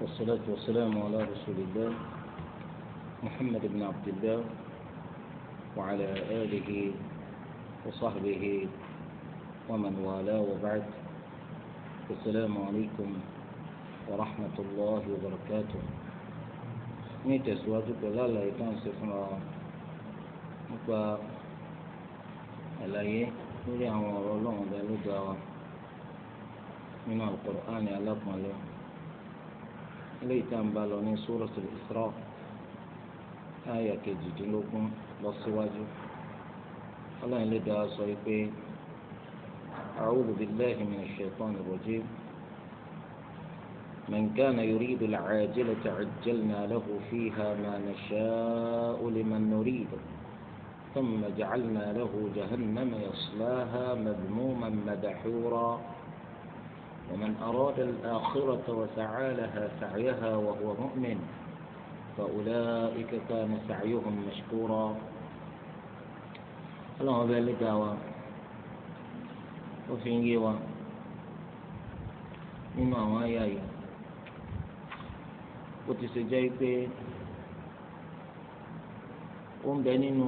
والصلاة والسلام على رسول الله محمد بن عبد الله وعلى آله وصحبه ومن والاه وبعد السلام عليكم ورحمة الله وبركاته نيت سواد كذا لا يكون مبا الله يه نريه من القرآن على الله eléyìí tá à ń bá lọ ní Suratul Isra àyà kejìdínlógún lọ síwájú ọlọ́run lè dáa sọ pé a'udhu billahi minash shaitanir rajim man kana yuridu al-'ajilata 'ajjalna lahu fiha ma nasha'u liman nuridu ثم جعلنا له جهنم يصلاها مذموما مدحورا ومن أراد الآخرة وسعى لها سعيها وهو مؤمن فأولئك كان سعيهم مشكورا اللهم بارك وفي مما هو آيائي وتسجيك قم بيننا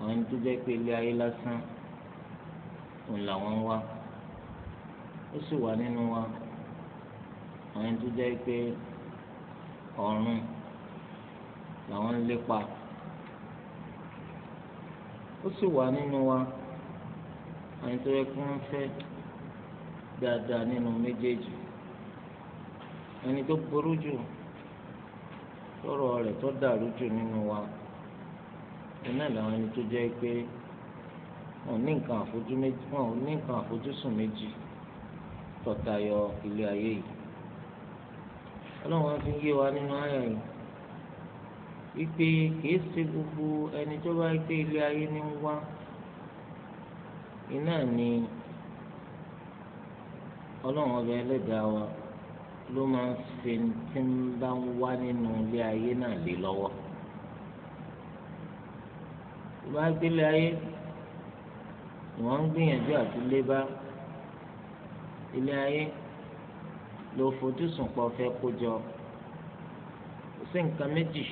وأنت جيك إلي لسان ولا وان ó sì wà nínú wa àwọn ẹni tó jẹ́ pé ọ̀run làwọn ń lépa ó sì wà wa àwọn ẹni tó yẹ kí wọ́n fẹ́ dáadáa nínú méjèèjì ẹni tó burú jù tọrọ rẹ̀ tó dàrú jù nínú wa iná làwọn ẹni tó jẹ́ pé wọn ò ní nǹkan àfojúsùn méjì tọ̀tayọ ilé ayé yìí ọlọ́run fi ń yé wa nínú àyà yìí wípé kìí ṣe gbogbo ẹni tó bá gbé ilé ayé ní wá iná ni ọlọ́run ọba ẹlẹ́dàá wa ló máa ń fi tí ń bá ń wá nínú ilé ayé náà lé lọ́wọ́ tó bá gbélé ayé wọ́n ń gbìyànjú àti lé ilé ayé ló fojúsùn pọ̀ fẹ́ kó jọ kò sí nǹkan méjì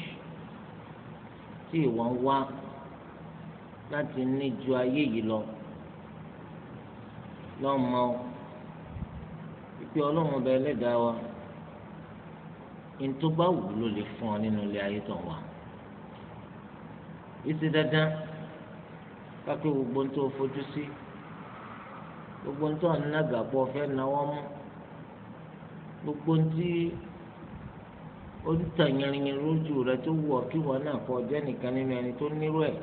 tí ìwọ ń wá láti ní ju ayé yìí lọ lọ́mọ ìpè ọlọ́run ọba ẹlẹ́dàá wa ntó bá wù ló lè fún ọ nínú ilé ayé tó wà ìsì dandan kápẹ́ gbogbo ntó fojú sí. Si gbogbo ń tọ́ ọfẹ na náwó mú gbogbo ń tí ó ń tà yẹrinyẹrin lójú rẹ tó wù ọ́ kí wọn náà nìkan tó nírú ẹ̀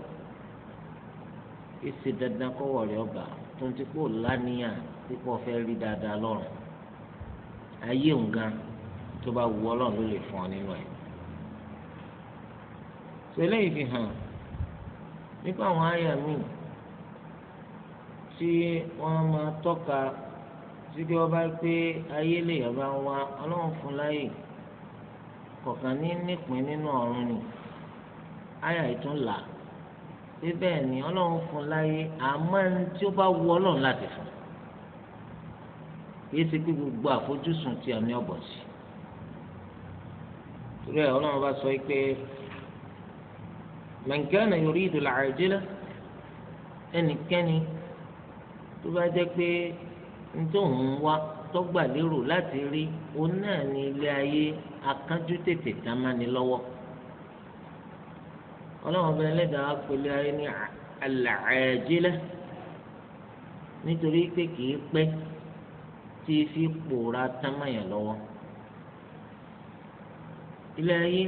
dandan ọba tó ti kó lánìyàn pípọ̀ fẹ́ rí dada lọ́rùn ayé tó bá ló fún nínú fi hàn nípa àwọn àyà tí wọ́n máa tọ́ka síbi ọba pé ayé lèèyàn bá ń wá fún láyè kọ̀ọ̀kan ní nípìn nínú ọ̀run ni àyà ìtún là pé bẹ́ẹ̀ ni ọlọ́run fún láyè àmọ́ ẹni tí ó bá wù ọlọ́run láti fún kìí ṣe pé gbogbo àfojúsùn ti àmì ọ̀bọ̀ sí torí ẹ̀ ọlọ́run bá sọ pé man kana yuridu al-ajila ẹnikẹ́ni tó bá jẹ́ pé nítorí òun wá tọ́gbà lérò láti rí òun náà ní ilé ayé akánjú tètè tán má ní lọ́wọ́ ọlọ́run ọba ẹlẹ́dàá pẹ̀lú ayé ní àlàájílẹ̀ nítorí pé kì í pẹ́ tí fi pòórá tán má yàn ilé ayé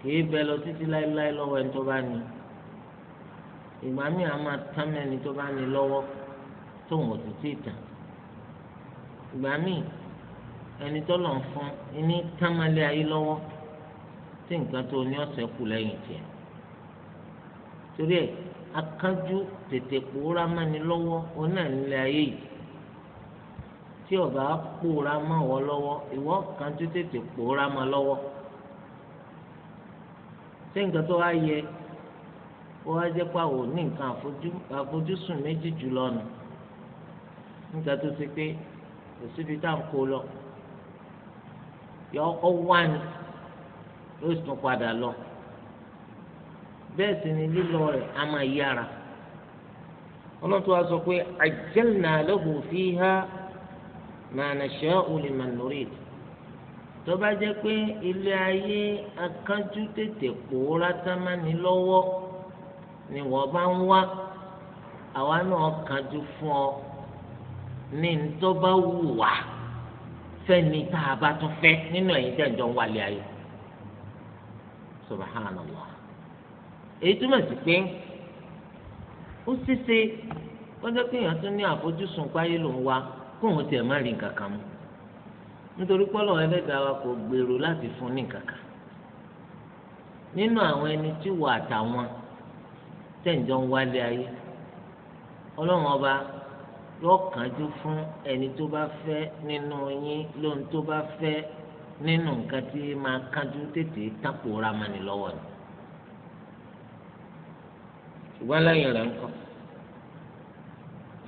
kì bẹ lọ títí láéláé lọ́wọ́ ẹni tó bá ní ìgbà míì a máa tán mẹ́ni tó bá ní lọ́wọ́ tó wọ́n ti tí ì tàn ìgbà míì ẹni tó lọ́n fún ní támálẹ̀ ayé lọ́wọ́ tí nǹkan tó ní ọ̀sẹ̀ kù lẹ́yìn tiẹ̀ torí ẹ̀ akánjú tètè pòórá mẹ́ni lọ́wọ́ ọ̀nà nílẹ̀ ayé yìí tí ọba pòórá mọ́ ọ lọ́wọ́ ìwọ kánjú tètè pòórá mọ́ lọ́wọ́ tí nǹkan tó wá yẹ ó wá jẹ́ pé àwọn ní nǹkan àfojúsùn méjì jù lọ́nà nígbà tó ṣe pé kò síbi tá à ń kó lọ yọ ọ wá ní lọ bẹ́ẹ̀ sì ni lílọ rẹ̀ á máa yára ọlọ́run tó wá sọ pé àjẹ́lìnà lọ́hùn fi há màánà ṣẹ́ olùmọ̀nùrì tó bá jẹ́ pé ilé ayé tètè pòórá tá ní lọ́wọ́. ni wọ́n bá ń wá àwa náà kánjú fún ọ ní tó bá wù wá fẹ́ni tá a bá tún fẹ́ nínú ẹ̀yìn tẹ̀ ń jọ ń wálé ayé subhanallah èyí túmọ̀ sí pé ó ṣíṣe ọjọ́ jẹ́ pé èèyàn tún ní àfojúsùn páyé ló ń wá kó òun tiẹ̀ má rí nǹkan kan nítorí pọ́lọ́ ẹlẹ́dàá wa kò gbèrò láti fún ní nǹkan kan nínú àwọn ẹni tí wọ́n àtàwọn tẹ̀jọ́ ń wálé ayé ọlọ́run ọba yóò kánjú fún ẹni tó bá fẹ́ nínú yín lóhun tó bá fẹ́ nínú nǹkan tí máa kánjú tètè tápò ramani lọ́wọ́ ni ṣùgbọ́n lẹ́yìn rẹ̀ ń kọ́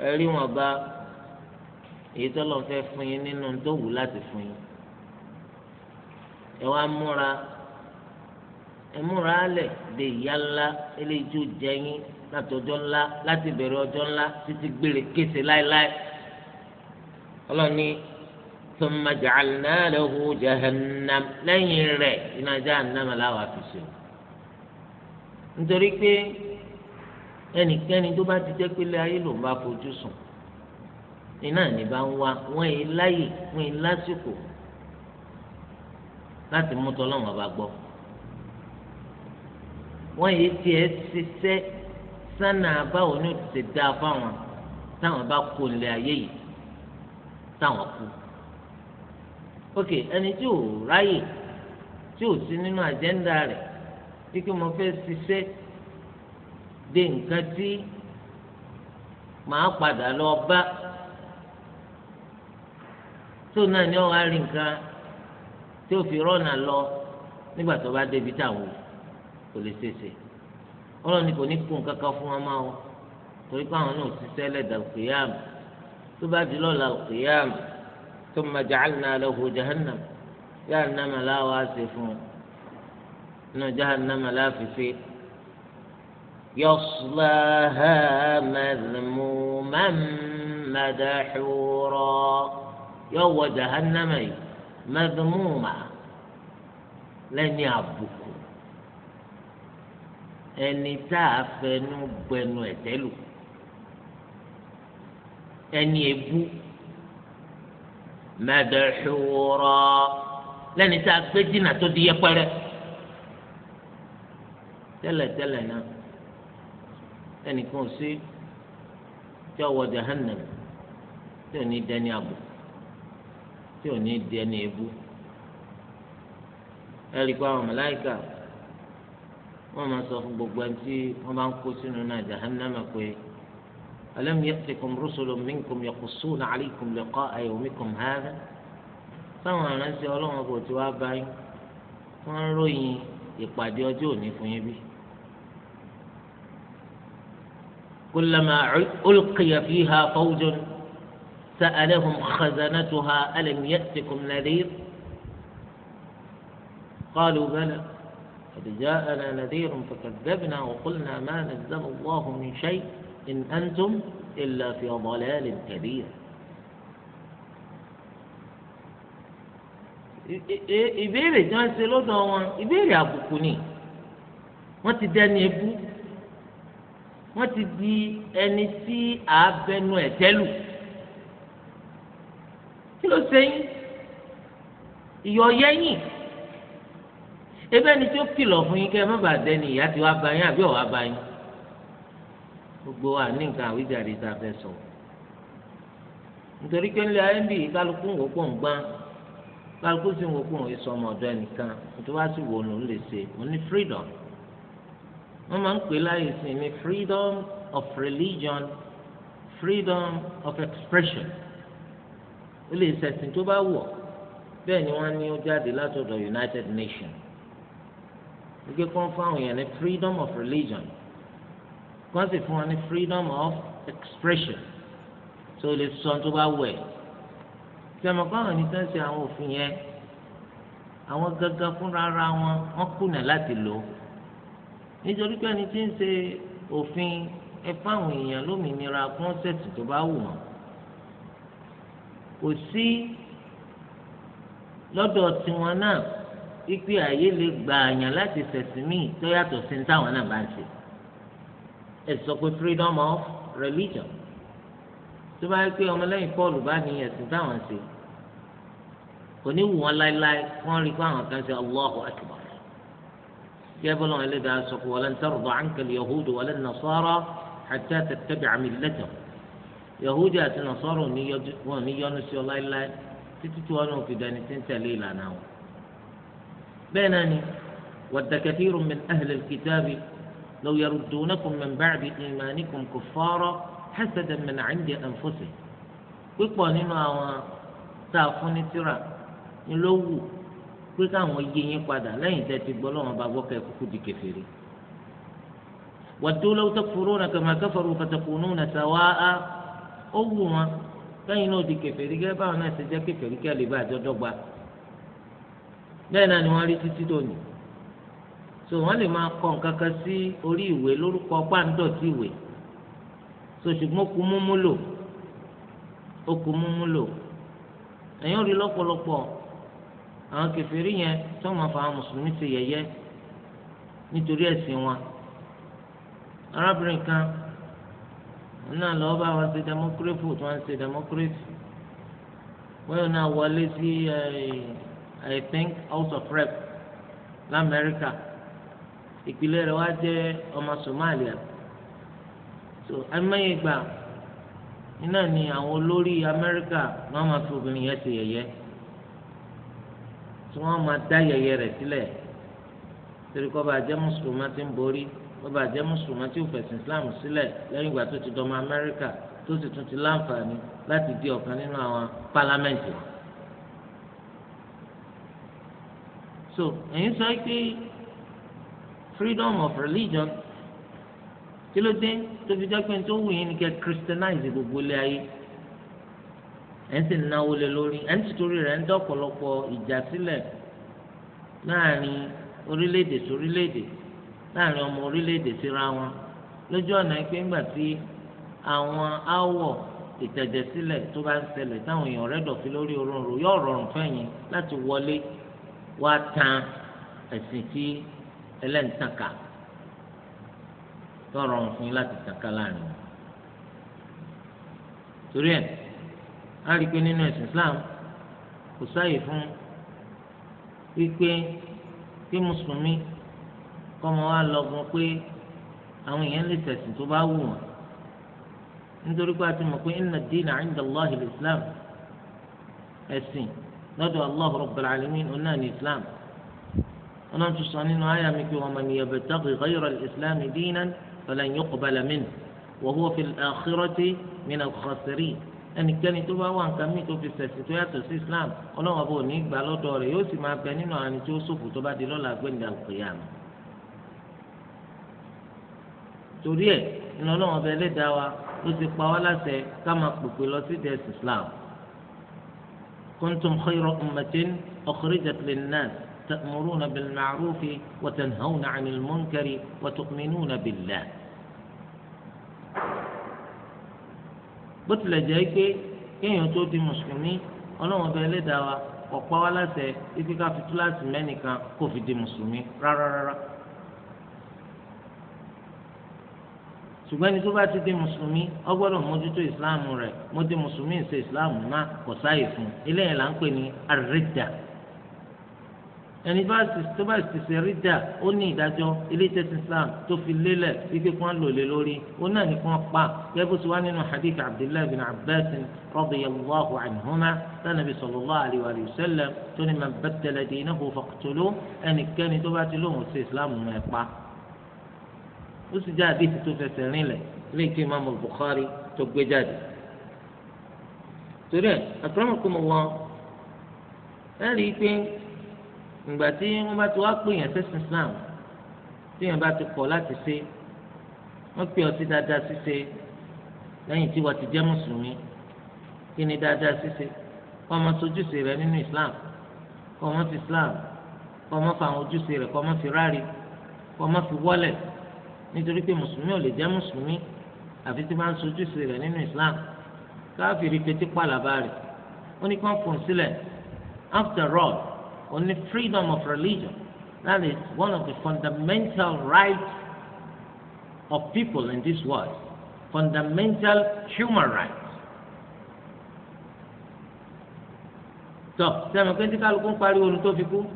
ẹ rí wọn bá èyí tó lọ fẹ́ fún yín nínú tó wù láti fún yín ẹ wá múra ẹmúra alẹ de ìyá ńlá eléyìí tó jẹyìn láti ọjọ́ ńlá láti bẹ̀rẹ̀ ọjọ́ ńlá títí gbére kése láéláé ọlọ́ni thumma ja'alna lahu jahannam lẹ́yìn rẹ̀ iná jahannam aláwọ̀ àfìsè o nítorí pé ẹnikẹ́ni tó bá ti jẹ́ pélé ayé ló ń bá fojú sùn iná ní bá ń wá wọ́n yìí láyè wọ́n yìí lásìkò láti mú tọ́lọ́wọ́n bá gbọ́ wọ́n yìí tiẹ̀ ṣiṣẹ́ sánà báwo ni ó ti dáa fáwọn táwọn bá kó lé ayé yìí táwọn kú. ok ẹni tí ò ráyè tí ò sí nínú àjẹ́ńdà rẹ̀ tí kí mo fẹ́ ṣiṣẹ́ dé nǹkan tí màá padà lọ bá tó náà ni ó wá rí nǹkan tí ó fi rọ́nà lọ nígbà tó bá débi táwọn ò kò lè ṣèṣe ọlọ́ni kò ní kún kankan fún wọn máa wọn torí pé àwọn náà ṣiṣẹ́ lẹ́dà al-qiyam tó bá di lọ́la al-qiyam thumma ja'alna lahu jahannam jahannama láwa ṣe fún un inú jahannama láfiṣe yaslaha madhmuman madahura yóò wọ jahannama yìí madhmuma lẹ́ni àbùkù. ẹni tá a fẹnu gbẹnu ẹ̀tẹ́ lù ẹni ebú mẹdẹẹhúrọ lẹni tá a gbé dínà tó di yẹpẹrẹ tẹ́lẹ̀tẹ́lẹ̀ náà na, ò sí tí ọwọ jahannam tí ò ní dẹni àbò tí ò ní dẹni ebú ẹ rí i pé wọ́n máa sọ fún gbogbo ẹni tí wọ́n bá ń kó sínú náà jahannama pé alam ya'tikum rusulun minkum yaqussuna alaykum liqa'a yawmikum hadha táwọn aránṣẹ́ Ọlọ́run kò tí wàá bá yín wọ́n ń ròyìn ìpàdé ọjọ́ òní fún yín bí. kullama ulqiya fiha fawjun sa'alahum khazanatuha alam ya'tikum nadhir qalu bala. قد جاءنا نذير فكذبنا وقلنا ما نزل الله من شيء إن أنتم إلا في ضلال كبير ìbéèrè tí wọ́n ṣe lọ́dọ̀ wọn ìbéèrè àbùkù ni wọ́n ti dẹni ebú wọ́n ti di ẹni tí àábẹnu ẹtẹlù kí ló ṣe yín ìyọ yẹyìn ebe ẹni tí ó kìlọ̀ fún yín kẹ́ ẹ má bàa dẹni ìyá tí wàá bá yín àbí ọ̀wá bá yín gbogbo wa ní nǹkan àwíjàre tá a fẹ́ sọ nítorí pé nílẹ̀ ayé ń bì kálukú ń wòpọ̀ ń gbọ́n kálukú sì ń wòpọ̀ ń sọ ọmọ ọ̀dọ́ ẹnìkan tó bá sì wò ló lè ṣe òun ní freedom wọ́n máa ń pè láyè sí ní freedom of religion freedom of expression ó lè ṣẹ̀sìn tó bá wọ̀ bẹ́ẹ̀ ni wọ́n ní ó jáde látọ̀dọ̀ United Nations wípé kí wọ́n fún àwọn èèyàn ní freedom of religion kí wọ́n sì fún wọn ní freedom of expression tó lè sọ tó bá wẹ̀ tí ọmọ kọ́ àwọn ènìyàn ṣe àwọn òfin yẹn àwọn gangan fúnra ara wọn wọ́n kùnà láti lò nítorí pé ẹni tí ń ṣe òfin ẹ fáwọn èèyàn lómìnira kọ́nsẹ̀tì tó bá wù wọ́n kò sí lọ́dọ̀ tiwọn náà ipe àyè lè gba àyàn láti ṣẹ̀sìn míì tó yàtọ̀ sí táwọn náà bá ń ṣe ẹ sọ pé freedom of religion tó bá yẹ pé ọmọlẹ́yìn Paul bá ní ẹ̀sìn táwọn ṣe kò ní wù wọn láéláé wọn rí i pé àwọn kan ṣe Allahu Akbar kí ẹ bọ́lá wọn sọ pé walan tarda anka al-yahudu walan nasara hatta tattabi'a millatahum yahudi àti nasara ò ní yọnu sí ọ láéláé títí tí wọn ò fi dání tí ń tẹ̀lé ìlànà wọn. بيناني ود كثير من أهل الكتاب لو يردونكم من بعد إيمانكم كفارا حسدا من عند أنفسهم pípọ̀ nínú àwọn tá a fún ní tíra ni ló wù pé káwọn yí yín padà lẹ́yìn tẹ́ ti gbọ́ lọ́wọ́n bá gbọ́ kẹ́ kúkú di kèfèrí. waddu law takfuruna kama kafaru fatakununa sawaa ó wù wọn lẹ́yìn náà di kèfèrí gẹ́gẹ́ báwọn náà ti jẹ́ kèfèrí kẹ́ lè bá àjọ dọ́gba. bẹ́ẹ̀ náà ni wọ́n rí títí so wọ́n lè máa kọ nǹkan kan sí orí ìwé lórúkọ pàǹdọ̀tì ìwé so ṣùgbọ́n kú múmú lò ó kú múmú lò ẹ̀yìn rí lọ́pọ̀lọpọ̀ àwọn kẹfìrí yẹn tó máa fa mùsùlùmí nítorí ẹ̀sìn wọn arábìnrin kan náà lọ́wọ́ bá wọn ṣe democracy tí I think House of Rep lamẹ́ríkà ìpìlẹ̀ rẹ̀ wá jẹ́ ọmọ Somalia so amẹ́yẹgbà iná ni àwọn olórí Amẹ́ríkà wọ́n máa fi obìnrin yẹn ṣe yẹ̀yẹ́ tí wọ́n máa dá yẹ̀yẹ́ rẹ̀ sílẹ̀ torí kọ́ bá jẹ́ mùsùlùmá tí ń borí kọ́ bá jẹ́ mùsùlùmá tí ò fẹ̀sìn Islam sílẹ̀ lẹ́yìn ìgbà tó ti dọ́mọ Amẹ́ríkà tó sì tún ti láǹfààní láti di ọ̀kan nínú àwọn pálámẹ́ǹtì wọn. so ẹ̀yin sọ pé freedom of religion kí ló dé tó fi jẹ́ tó wù yín ni kẹ́ christianize gbogbo ilé ayé ẹ̀ ń sì náwó lé lórí ẹ̀ ń sì torí rẹ̀ ń dọ́pọ̀lọpọ̀ ìjà sílẹ̀ láàrin orílẹ̀-èdè sí orílẹ̀-èdè láàrin ọmọ orílẹ̀-èdè síra wọn lójú ọ̀nà pé ńgbà tí àwọn áwọ̀ ìtẹ̀jẹ̀sílẹ̀ tó bá ń ṣẹlẹ̀ táwọn èèyàn rẹ̀ dọ̀fí lórí oròrò yóò rọrùn fẹ́yìn láti wọlé wá tan ẹ̀sìn tí ẹlẹ́ǹtàkà tọrọ òfin láti tàkà láàrin torí ẹ̀ á rí i pé Islam kò sáàyè fún wípé kí mùsùlùmí kọ́mọ wa lọ́gbọ́n pé àwọn èèyàn lè tẹ̀sìn tó bá wù wọ́n nítorí pé a ti mọ̀ pé inna ad al islam ẹ̀sìn. lọ́dọ̀ allah rabbil alamin ọ̀nà ní islam ọ̀nà tó sọ nínú àyà mi pé waman yabtaghi ghayra al-islam dinan falan yuqbala minhu wa huwa fil akhirati min al-khasirin ẹnikẹ́ni tó bá wà nǹkan míì tó fi ṣẹ̀sìn tó yàtọ̀ sí islam ọlọ́run ọba ní gbà lọ́dọ̀ rẹ̀ yóò sì máa bẹ nínú àwọn tí ó tó bá di lọ́la gbẹ̀ndà al torí ẹ̀ ìnáwó ọlọ́run ọba ẹlẹ́dàá wa ló ti pa wá láṣẹ ká máa pèpè lọ sí dẹ́sì islam. كنتم خير أمة أخرجت للناس تأمرون بالمعروف وتنهون عن المنكر وتؤمنون بالله بطل جايكي كين يتوتي مسلمي أنا مبالي داوا وقوالا سي كافي تلاس مني كوفي دي مسلمي را ṣùgbọ́n ẹni tó bá ti di mùsùlùmí ó gbọ́dọ̀ mójútó ìsìláàmù rẹ̀ mo di mùsùlùmí ṣe ìsìláàmù náà kò sáàyè fún eléyìí là ń pè ní àrídà ẹni tó bá ti ṣe rídà ó ní ìdájọ́ ilé tẹ́sí islam tó fi lélẹ̀ wípé kí wọ́n lò lé lórí ó náà ní kí wọ́n pa gẹ́gẹ́ sọ wá nínú hadith abdullahi bin abbas radiyallahu anhuma sanabi sallallahu alayhi wa sallam tó ní man baddala dinahu faqtuluhu ẹnikẹ́ni tó bá ti lóhùn ṣe islam mọ́ ẹ̀ pa ó sì jẹ́ àdéhùn tó fẹsẹ̀ rinlẹ̀ lẹ́yìn tí Imam Bukhari tó gbé jáde torí ẹ̀ akramakumullah ẹ rí i pé ìgbà tí wọ́n bá ti wá pè yàn sẹ́sìn Islam tí yàn bá ti kọ̀ láti ṣe wọ́n pè ọtí dáadáa ṣíṣe lẹ́yìn tí wọ́n ti jẹ́ mùsùlùmí kí ni dáadáa ṣíṣe kọ́ ọmọ sojúṣe rẹ nínú Islam kọ́ ọmọ fi Islam kọ́ ọmọ fa àwọn ojúṣe rẹ kọ́ ọmọ fi ráre kọ́ ọmọ fi wọ́lẹ̀ nítorí pé mùsùlùmí ò lè jẹ́ mùsùlùmí àfi tí bá ń sojúṣe rẹ̀ nínú islam káfíìrì fetí pàlàbà rẹ̀ ó ní kàn fún sílẹ̀ after all ó ní freedom of religion that is one of the fundamental rights of people in this world fundamental human rights. tọ́ sẹ́mi pé tí kálukú ń pariwo ohun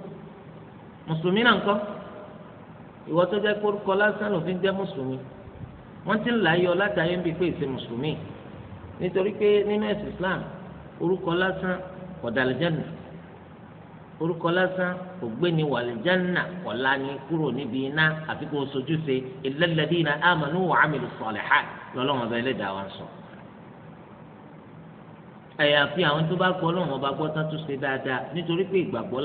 mùsùlùmí náà ń kọ́. ìwọ tó jẹ́ kórúkọ lásán ló fi ń jẹ́ mùsùlùmí wọ́n ti ń là yọ látàyè ń bi pé ìṣe mùsùlùmí nítorí pé nínú Islam orúkọ lásán kò dá orúkọ lásán kò gbé la kúrò níbi iná àfi kò sojú ṣe wa amilus salihat lọ́lọ́wọ́n ọba ẹlẹ́dàá wa ń ọba gbọ́ tán tó ṣe dáadáa nítorí pé ìgbàgbọ́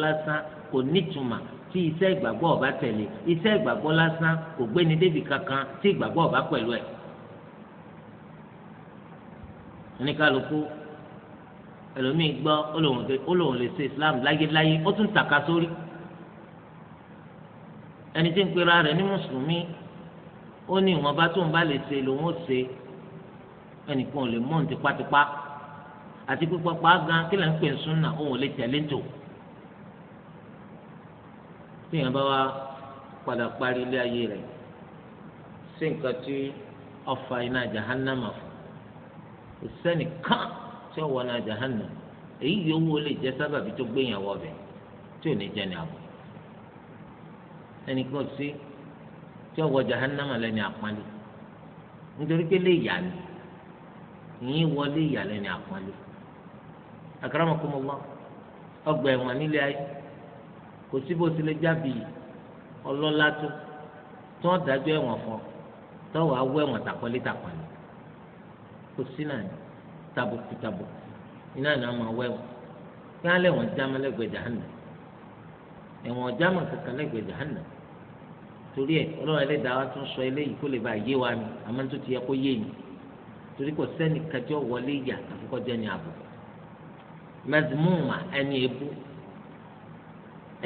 tí iṣẹ́ ìgbàgbọ́ ọba tẹ̀lé iṣẹ́ ìgbàgbọ́ lásán kò gbéni débi kankan tí ìgbàgbọ́ ọba pẹ̀lú ẹ̀. oníkàlùkù ẹlòmíì gbọ́ olóhùn lè ṣe islam láyéláyé ó tún tàka sórí ẹni tí ń pera rẹ̀ ní mùsùlùmí ó ní ìwọ̀nba tó ń bá lè ṣe lòun ó ṣe ẹnìkan ò lè mọ̀ ní tipátipá àti pípọ́pá gan kílẹ̀ ń pè ń súnà òun ò lè tẹ̀lé ń tí yẹn bá wá padà parí ilé ayé rẹ̀ sí nǹkan tí ọfà iná jahannama fún kò tí ó wọ iná jahannama èyí yòówó lè jẹ́ sábàbí tó gbéyàwó ọbẹ̀ tí ò ní jẹ́ ní àbọ̀ ẹnìkan sí tí ó wọ jahannama lẹ́ni àpọ́nlé nítorí pé lè yà ni ìyín wọlé ìyà lẹ́ni àpọ́nlé ọgbà ẹ̀wọ̀n nílé ayé. kò sí bó tilẹ̀ jábì ọlọ́lá tó tó dájọ́ ẹ̀wọ̀n fún tó wàá wọ ẹ̀wọ̀n tàpọ́lé tàpọ́lé kò sí náà ní tàbùkù tàbùkù iná ní wọn máa wọ ẹ̀wọ̀n kí wọ́n lẹ́wọ̀n jámọ́ lẹ́gbẹ̀ẹ́ ẹ̀wọ̀n jámọ́ kankan lẹ́gbẹ̀ẹ́ torí ẹ̀ ọlọ́run ẹlẹ́dàá wa tún sọ eléyìí kó lè yé wa ni àmọ́ tó ti yẹ kó yé torí kò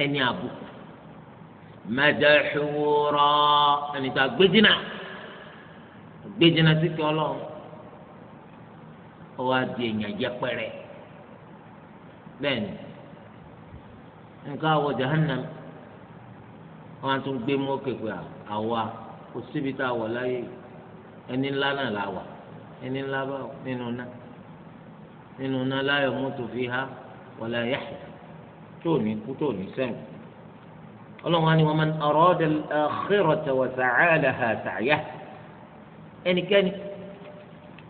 ẹni àbùkù mẹdẹẹhìwòrọ ẹni tó agbẹjìnà agbẹjìnà sí kí Ọlọ́run ó wá di èèyàn yẹpẹrẹ bẹ́ẹ̀ ni nǹkan àwọ jahannam wọn á tún gbé mú kékeré àwa kò síbi tá a wọ láyé ẹni ńlá náà la wà ẹni ńlá bá nínú náà nínú náà láyọ mọtò fi há wọlé yàtọ̀ tó ní kú tó ní sẹ́yìn ọlọ́run á ní wọn man arada al-akhirata wa sa'a laha sa'yah ẹnikẹ́ni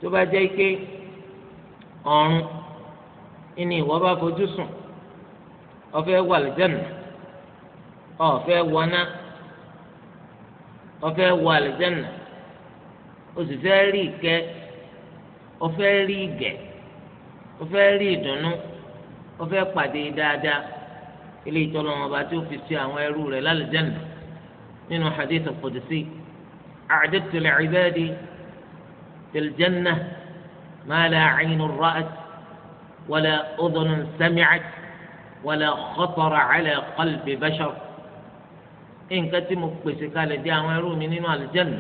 tó bá jẹ́ ike ọ̀run ìní ìwọ bá fojú sùn ó fẹ́ wà lìjẹ́nà ó fẹ́ wọná ó fẹ́ wà rí ìkẹ́ ó rí ìgẹ̀ ó rí ìdùnnú ó pàdé dáadáa. ilé ìtọ́lọ́ wọn bá tí ó fi sí àwọn ẹrú rẹ̀ lálẹ́jẹ̀nà nínú hadith al-Qudsi a'dadtu li'ibadi fil janna ma lè 'aynun ra'at wala udhunun sami'at wala khatara 'ala qalbi bashar nǹkan tí mo pèsè kalẹ̀ dé àwọn ẹrú mi nínú àlùjẹ́nà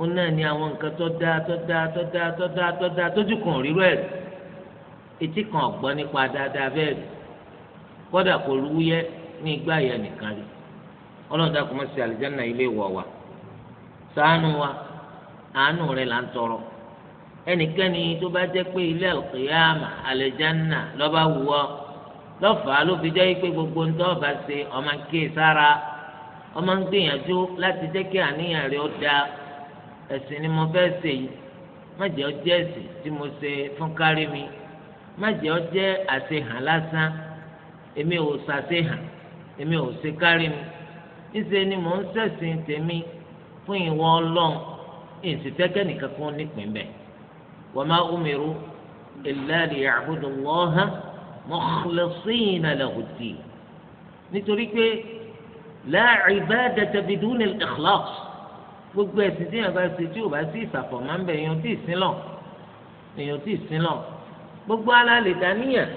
ó náà ní àwọn nǹkan tó dáa tó dáa tó dáa tó dáa tó dáa tójú kan ríro ẹ̀rí etí kan ọ̀gbọ́n nípa dáadáa bẹ́ẹ̀ rí kọ́dà kò rúwúyẹ́ ní igbá ìyá nìkan rí ọlọ́run ile mọ́ sí àlìjáná ilé ìwọ̀ wa ṣàánú wa àánú rẹ̀ là ń tọrọ ẹnikẹ́ni tó bá jẹ́ pé ilé àlùkìyàmà àlìjáná lọ́ba gbogbo ń tọ́ ọma ṣe ọmọ ké e sára ọmọ ń gbìyànjú láti jẹ́ kí àníyàn ni mo fẹ́ ṣe yìí ọ jẹ́ ẹ̀sìn tí mo ṣe mi má jẹ́ ọ jẹ́ àṣehàn lásán èmi ò sàṣe hàn èmi ò ṣe kárí mi níṣẹ ni mò ń ṣẹ̀sìn tèmi fún ìwọ Ọlọ́run èsì fẹkẹ nìkan kan nípìn bẹ́ẹ̀ wa ma umiru illa liya'budu Allaha mukhlisina lahu-d-din nítorí pé la ibadata biduni al-ikhlas gbogbo ẹ̀sìn tí yàn bá ṣe tí ò bá sí ìsàfọ̀ máa ń bẹ èèyàn tí ì sílọ̀ èèyàn tí ì sílọ̀ gbogbo alálẹ̀ dàníyàn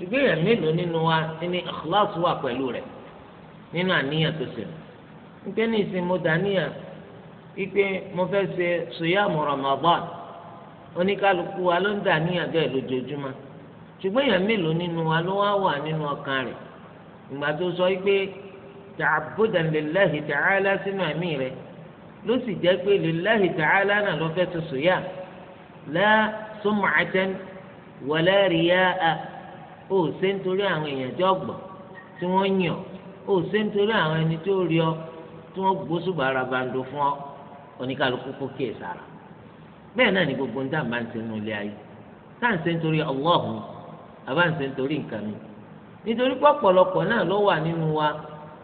ṣùgbọ́n èèyàn mélòó nínú wa ní ìkíláàsì wà pẹ̀lú rẹ̀ nínú àníyàn tó ṣe nígbà ní ìsìn mo dàníyàn wípé mo fẹ́ ṣe sùyàmù Ramadan oníkálukú wa ló ń dàníyàn bẹ́ẹ̀ lójoojúmọ́ ṣùgbọ́n èèyàn mélòó nínú wa ló wá wà nínú ọkàn rẹ̀ ìgbà tó sọ wípé ta'abbudan lillahi ta'ala sínú ẹ̀mí rẹ̀ ló sì jẹ́ pé lillahi ta'ala náà ló fẹ́ ṣe sùyàmù la sum'atan ó ṣe ntori àwọn èèyàn tí ti tí wọ́n yàn ó ṣe nítorí àwọn ẹni tó rí ọ tí wọ́n ara bando fún ọ oníkàlùkù kó kíyè sára náà ni gbogbo níta máa ń ṣe nínú ilé ayé tá à ń ṣe nítorí ọlọ́hun àbá ń ṣe naa nǹkan mi nítorí pọ̀pọ̀lọpọ̀ náà ló wà nínú wa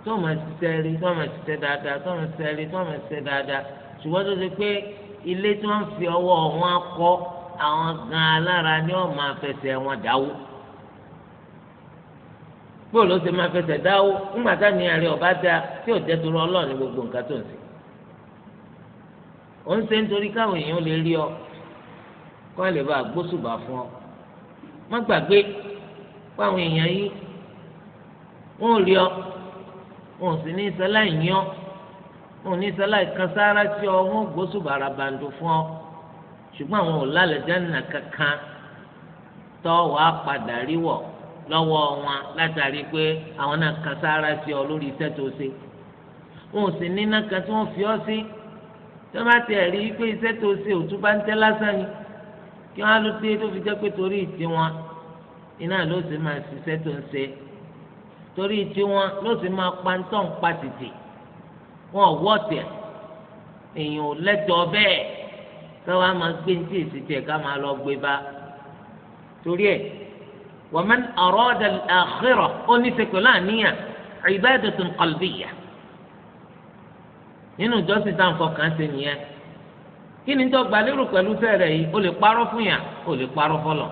tí wọ́n máa ṣiṣẹ́ rí tí wọ́n máa ṣiṣẹ́ dáadáa tí wọ́n máa ṣiṣẹ́ rí tí máa ṣiṣẹ́ dáadáa gan ni wọ́n máa fẹsẹ̀ wọn dáwó bóòlù ó ti máa fẹsẹ̀ dáwó ńgbà táni àárẹ̀ ọba dá tí ò jẹ́ torọ ọlọ́ọ̀ni gbogbo nǹkan tó ń sè ó ń ṣe nítorí káwọn èèyàn lè rí ọ kó lè bá gbósùbà fún ọ má gbàgbé fáwọn èèyàn yìí wọn ò rí ọ wọn ò sì ní sẹlá ìyàn wọn ò ní sẹlá ìkansára tí ọ wọn gbósùbà ara bàǹdù fún ọ ṣùgbọ́n àwọn ò lálẹ́ jẹ́ nà kankan tọ́ wàá padà ríwọ̀ lọ́wọ́ wọn látàrí pé àwọn náà kan sára sí ọ lórí iṣẹ́ tó ṣe wọn ò sì níná kan tí wọ́n fi ọ́ sí tí wọ́n bá tiẹ̀ rí i pé iṣẹ́ tó ṣe òtún bá ń tẹ́ lásán ni kí wọ́n á ló dé tó fi jẹ́ pé torí tiwọn iná ló sì máa ṣiṣẹ́ tó ń ṣe torí tiwọn ló sì máa pa ń tọ̀ ń pa tìtì wọn ò wọ́ tẹ̀ èèyàn ò lẹ́tọ̀ọ́ bẹ́ẹ̀ káwa máa gbé ní tí ká máa lọ gbé bá torí ẹ̀ ومن أراد الآخرة أنسك لا نية عبادة قلبية nínú ìjọsìn tá à ń fọkàn ṣe nìyẹn kí ni tó gbà lérò pẹ̀lú sẹ́rẹ̀ yìí o lè parọ́ fún yàn o lè parọ́ fọlọ̀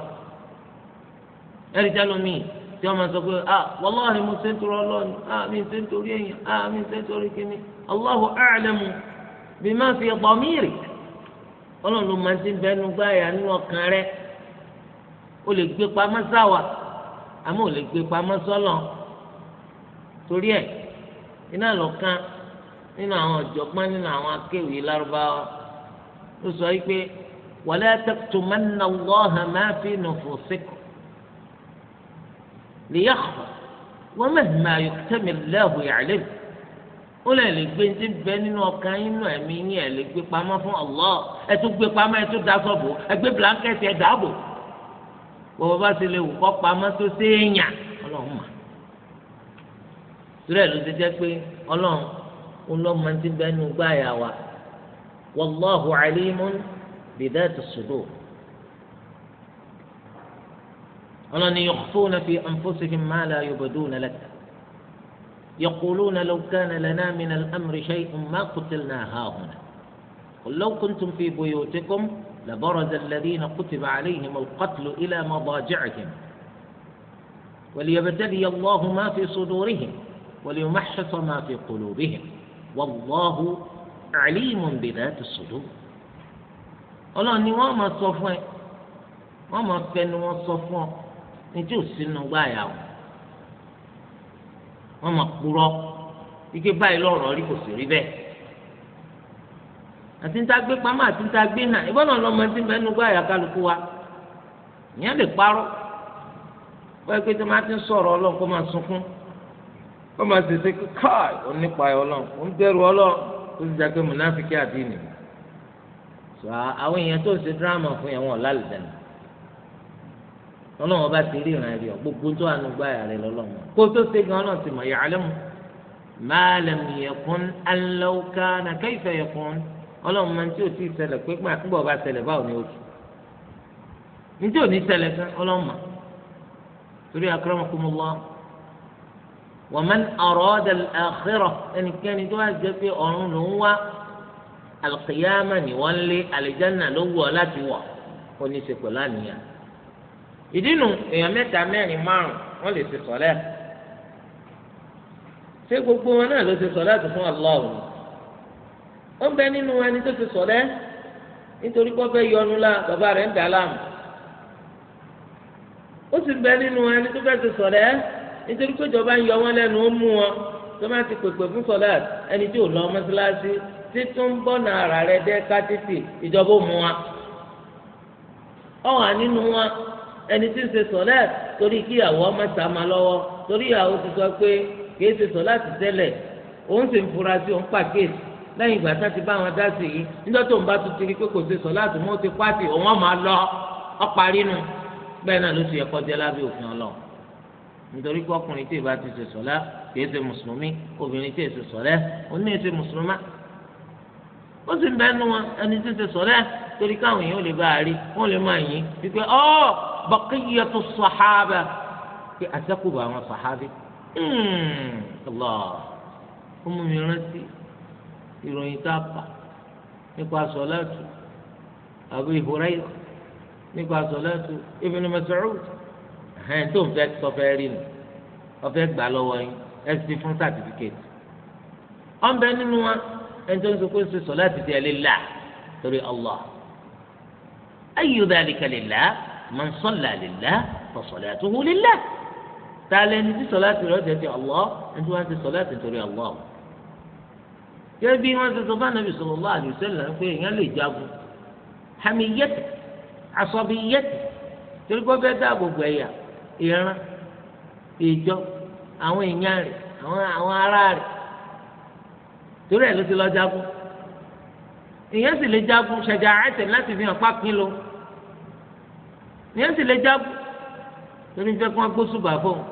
ẹ̀rí jálómi tí wọ́n máa sọ pé ah wàláhì mo ṣe ń torí ọlọ́run ah mi ṣe ń torí èèyàn ah mi ṣe ń torí kíní Allahu a'lamu bima fi dhamiri ọlọ́run ló máa ti bẹnu gbáyà nínú ọkàn rẹ̀ o lè gbé pamọ́ sáwà àmọ́ ò lè gbé pamọ́ sọ́lọ̀ torí ẹ̀ iná lọ́kàn nínú àwọn ọ̀jọ̀gbọ́n nínú àwọn akéwì lárúbáwá ló sọ yìí pé wala taktumanna Allaha ma fi nufusikum liyakhfa wa mahma yuktami Allahu ya'lam ó lè lè gbé ní bẹ nínú ọkàn yín ẹ̀mí yín ẹ̀ lè gbé pamọ́ fún Allah ẹ̀ tó gbé pamọ́ ẹ̀ tó dasọ̀ bò ẹ̀ gbé blanketi ẹ̀ dàbò. gbogbo bá ti lè wù kọ́ pamọ́ tó séèyàn ọlọ́run mà sùrẹ́ ló ti jẹ́ pé ọlọ́run ń lọ́ ọlọ́mọ ti gbá gbáyà wa wallahu alimun bidhati sudur ọlọ́ni yukhfuna fi anfusihim ma la ní laka يقولون لو كان لنا من الأمر شيء ما قتلنا هاهنا قل لو كنتم في بيوتكم لبرز الذين كتب عليهم القتل إلى مضاجعهم وليبتلي الله ما في صدورهم وليمحص ما في قلوبهم والله عليم بذات الصدور ọlọ́run أني وما máa وما ẹ wọ́n نجو سنو sọ وما قرأ يكي o لورا لكو سيري o àti ń ta gbé pamọ́ àti ń ta gbé hàn ìbọn náà lọ́mọ tí mẹ́nu gbá àyà kálukú wa ìyẹn lè parọ́ wọ́n pé tó máa ti ń sọ̀rọ̀ ọlọ́run kó máa sunkún kó máa tètè káì onípa ọlọ́run ó ń bẹ̀rù ọlọ́run ó sì jáde mùnáfíkì àti ìnì sọ àwọn èèyàn tó ń ṣe dírámà fún yẹn wọn lálẹ́ ọlọ́run ọba ti rí ìran rí ọ gbogbo tó wà nígbà yà rẹ lọ́lọ́run kó tó ṣe gan ọlọ́run ti mọ̀ yàrá lẹ́mu máa lẹ́mu yẹ alẹ́ òkà nà kẹ́yìfẹ́ ọlọ́run máa ń tí ò tí ì ṣẹlẹ̀ pé pé àtúbọ̀ bá ṣẹlẹ̀ báwo ni o tù ní tí ò ní ṣẹlẹ̀ sẹ́ ọlọ́run mà torí akramakumullah wa man arada al-akhirah ẹnikẹ́ni tó wá jẹ́ pé ọ̀run ló ń wá al-qiyamah ni wọ́n lé àlìjáná ló wù ọ́ láti wọ̀ ó ní í ṣe pẹ̀lú àníyàn èèyàn mẹ́ta mẹ́rin márùn wọ́n lè ṣe sọ̀lẹ́ ṣé gbogbo wọn náà ló ṣe sọ̀lẹ́ àti fún Allah ó ń bẹ nínú ẹni tó ti sọ̀rẹ́ nítorí pé ó fẹ́ yọnu la bàbá rẹ̀ ń dà láàmú ó nínú ẹni tó fẹ́ ti sọ̀rẹ́ nítorí pé ìjọba ń yọ wọn lẹ́nu ó mú wọn tó ti pèpè ara dé kátìtì ìjọba mú wa ọ̀hún ànínú wa ẹni torí kí ìyàwó torí ìyàwó ti sọ pé kì í ṣe tẹ́lẹ̀ òun sì ń lẹ́yìn ìgbà tá ti bá wọn dá sí yìí níjọ́ tó ń bá tún ti rí pé kò ṣe sọ láti mú ti pàtì òun ọmọ lọ ọparí nu bẹ́ẹ̀ náà ló ti yẹ kọjá lábẹ́ òfin Ọlọ́run nítorí pé ọkùnrin tí ìbá ti ṣe sọlá kìí ṣe mùsùlùmí obìnrin tí èso sọlẹ òun ní èso mùsùlùmá ó sì ń bẹ nu wọn ẹni tí ń ṣe sọlẹ torí káwọn èèyàn lè bá a rí wọn lè máa yín wípé ọ baqiyatu sàhábà pé àṣẹkùbà àwọn sàhábì hmm, Allah ó mú mi rántí ìròyìn tá a kà nípa sọ̀lẹ́tù Abu Hurairah nípa sọ̀lẹ́tù Ibn Mas'ud ẹ̀hìn tó ń fẹ́ sọfẹ́ rí nu ọfẹ́ gbà lọ́wọ́ yín ẹ sì fún sàtífíkẹ́tì ọ̀nbẹ nínú wa ẹni tó ń sọ pé ṣe sọ̀lẹ́tù tiẹ̀ lè là torí Allah ayyu dhalika lillah man salla lillah fa salatuhu lillah tààlẹ́ ni tí sọ̀lẹ́tù rẹ̀ jẹ́ ti ti sọ̀lẹ́tù torí Allah gẹ́gẹ́ bí wọ́n ti sọ bá nàbì sallallahu alaihi wasallam pé èèyàn lè jagun hamiyyati asabiyyati torí kọ́ bẹ́ẹ̀ dáàbò bò ẹ̀yà ìran ìjọ àwọn èèyàn rẹ̀ àwọn àwọn ará rẹ̀ torí ẹ̀ ló ti lọ jagun èèyàn sì lè jagun shaja'atan láti fi hàn pápín lo èèyàn sì lè jagun torí ń fẹ́ kí wọ́n gbósùbà fún un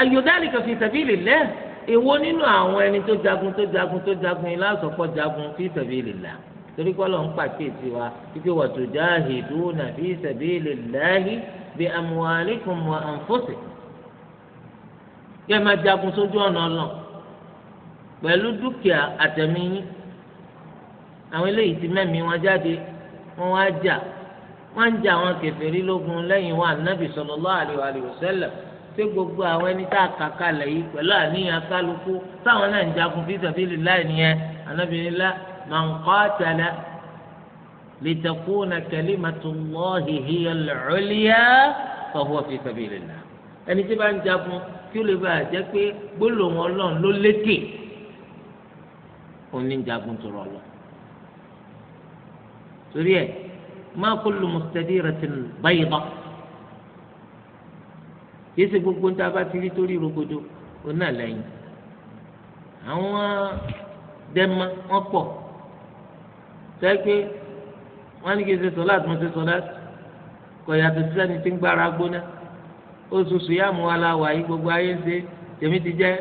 ayyudhalika fi sabilillah èwo nínú àwọn ẹni tó jagun tó jagun tó jagun yìí lásọpọ̀ jagun fi sabilillah torí kọ́lọ̀ ń pàkíyèsí wa wípé wa tujahiduna fi sabilillahi bi amwalikum wa anfusikum kẹ́ máa jagun sójú ọ̀nà ọlọ́n pẹ̀lú dúkìá àtẹ̀mí àwọn eléyìí ti mẹ́mí wọn jáde wọ́n wá jà wọ́n ń jà àwọn kèfèrí lógun lẹ́yìn wa ànábì sallallahu alaihi wa sallam ṣé gbogbo àwọn ẹni tá a kà kalẹ̀ yìí pẹ̀lú àníyàn kálukú táwọn náà ń jagun fi sàbílì láì nìyẹn anábìnrin lá màá ń kọ́ àtàlẹ́ litakuna kalimatu Allahi hiya al-ulya fa huwa fi sabilillah ẹni tí bá ń jagun kí ó lè bá a jẹ pé gbólóhùn Ọlọ́run ló lékè òní jagun tó rọlọ torí ẹ ma kullu mustadiratin bayda kìí ṣe gbogbo níta bá ti rí torí rogodo oná lẹ́yìn àwọn dẹ́mọ wọn pọ̀ sẹ́gbẹ́ wọn ní kìí ṣe sọ́lá àti wọn ṣe sọ́lá kọ̀ yàtọ̀ sí sẹ́ni tí ń gbára gbóná oṣooṣù yà mú aláwa yìí gbogbo ayé ń ṣe tèmi ti jẹ́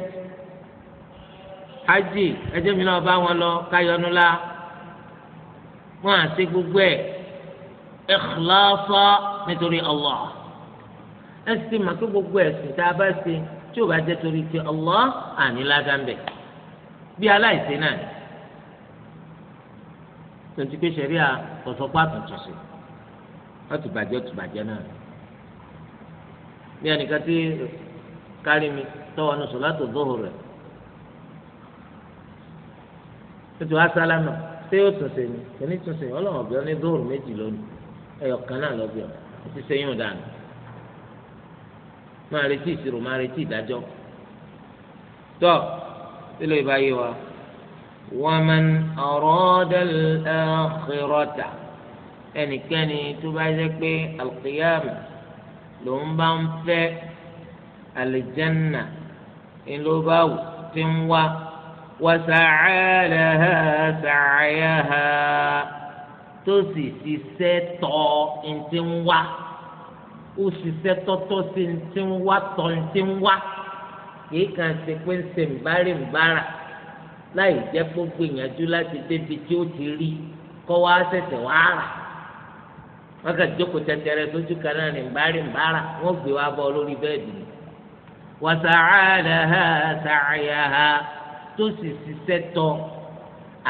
hajj ẹjẹ́ mi náà bá wọn lọ káyọ̀nù la wọn àti gbogbo ẹ̀ ikhlasa nítorí Allah ẹsìn mà tó gbogbo ẹsìn tá a bá ṣe tí ò bá jẹ torí ti Allah àní ládàmbẹ bí aláìsí náà ni tonti pé sẹríà tọ̀sọ́pá tuntun sí wọ́n ti bàjẹ́ ti bàjẹ́ náà bí ẹnìkan ti kárí mi tọ́wọ́ ní sọ̀lá tó dóhùn rẹ̀ ètò asálámà ṣé yóò tún ṣe ni kò ní tún ṣe ọlọ́run ọ̀bẹ ní dóhùn méjì lónìí ẹ̀yọ̀ kan náà lọ́bẹ̀ ti ṣe yóò dànù máa retí ìṣirò máa retí ìdájọ́ tó sílẹ̀ ìbáyé wa waman arada al-akhirata ẹnikẹ́ni tó bá jẹ́ pé al-qiyama ló ń bá ń fẹ́ alìjẹ́nà ló tí ń wá wasa'a laha sa'yaha tó sì ṣiṣẹ́ tọ́ ń ti ń wá. ó ṣiṣẹ́ tọ́tọ́ sí ní tí ń wá tọ́ ní tí ń wá kìí kan ṣe pé ń ṣe ńbárì ńbárà láì jẹ́ pé ó gbìyànjú láti débi tí ó ti rí kọ́ wá ṣẹ̀ṣẹ̀ wá rà wọ́n kà jókòó tẹ́tẹ́rẹ́ sójú kan náà ní ńbárì ńbárà wọ́n gbé wá bọ́ lórí bẹ́ẹ̀dì ni wàtàcàlàhà sàcàyàhà tó sì ṣiṣẹ́ tọ́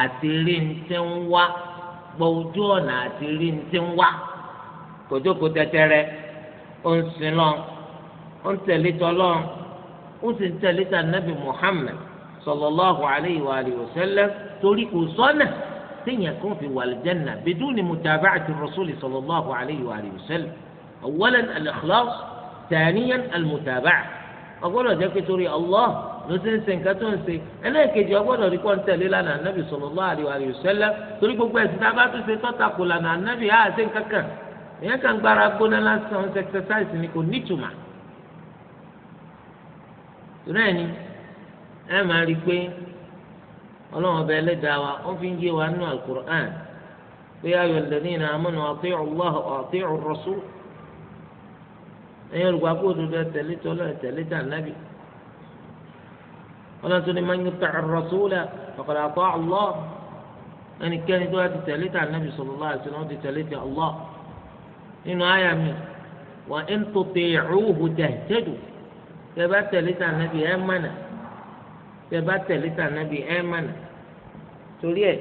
àti rí tí ń ó ń sin lọ ó ń tẹ̀lé tọ́lọ́ ó sì ń tẹ̀lé ta nabi Muhammad sallallahu alayhi wa alihi wa sallam torí kò sọ́nà téèyàn kan fi wà lẹ́jẹ̀nà biduni mutaba'ati rasuli sallallahu alayhi wa alihi wa sallam awalan al-ikhlas taniyan al-mutaba'a ọgbọ́dọ̀ jẹ́ pé torí Allah ló ti ń ṣe nǹkan tó ń ṣe ẹlẹ́ẹ̀kejì ọgbọ́dọ̀ rí kọ́ ń tẹ̀lé torí gbogbo ẹ̀sìn tá a bá tún ṣe tọ́ta kò lànà ànábì á ṣe èèyàn kan gbára gbóná lásán ọ̀sẹ̀ exercise ni kò nítumà torí ẹ̀ ni ẹ máa rí i pé ọlọ́run ọba ẹlẹ́dàá wa ó fi ń yé wa nínú alukur'an pé ayọ̀ lẹ́yìn náà amúnú ọ̀tí ọ̀lá ọ̀tí ọ̀rọ̀sù ẹ̀yin olùgbàgbọ́ òdodo ẹ̀tẹ̀lé tọ́lọ́ ẹ̀tẹ̀lé dànàbì ọlọ́run tó ní máa ń yẹ tẹ̀ ọ̀rọ̀sù la ọ̀kadà àtọ́ ọ̀lọ́ ẹnikẹ́ni tó wá ti tẹ̀lé sọ̀rọ̀ nínú àyà mi wà ń tòtè ìrúhù jẹjẹdù tẹbà tẹlẹ tà nàbì ẹ mànà tẹbà tẹlẹ nàbì ẹ mànà torí ẹ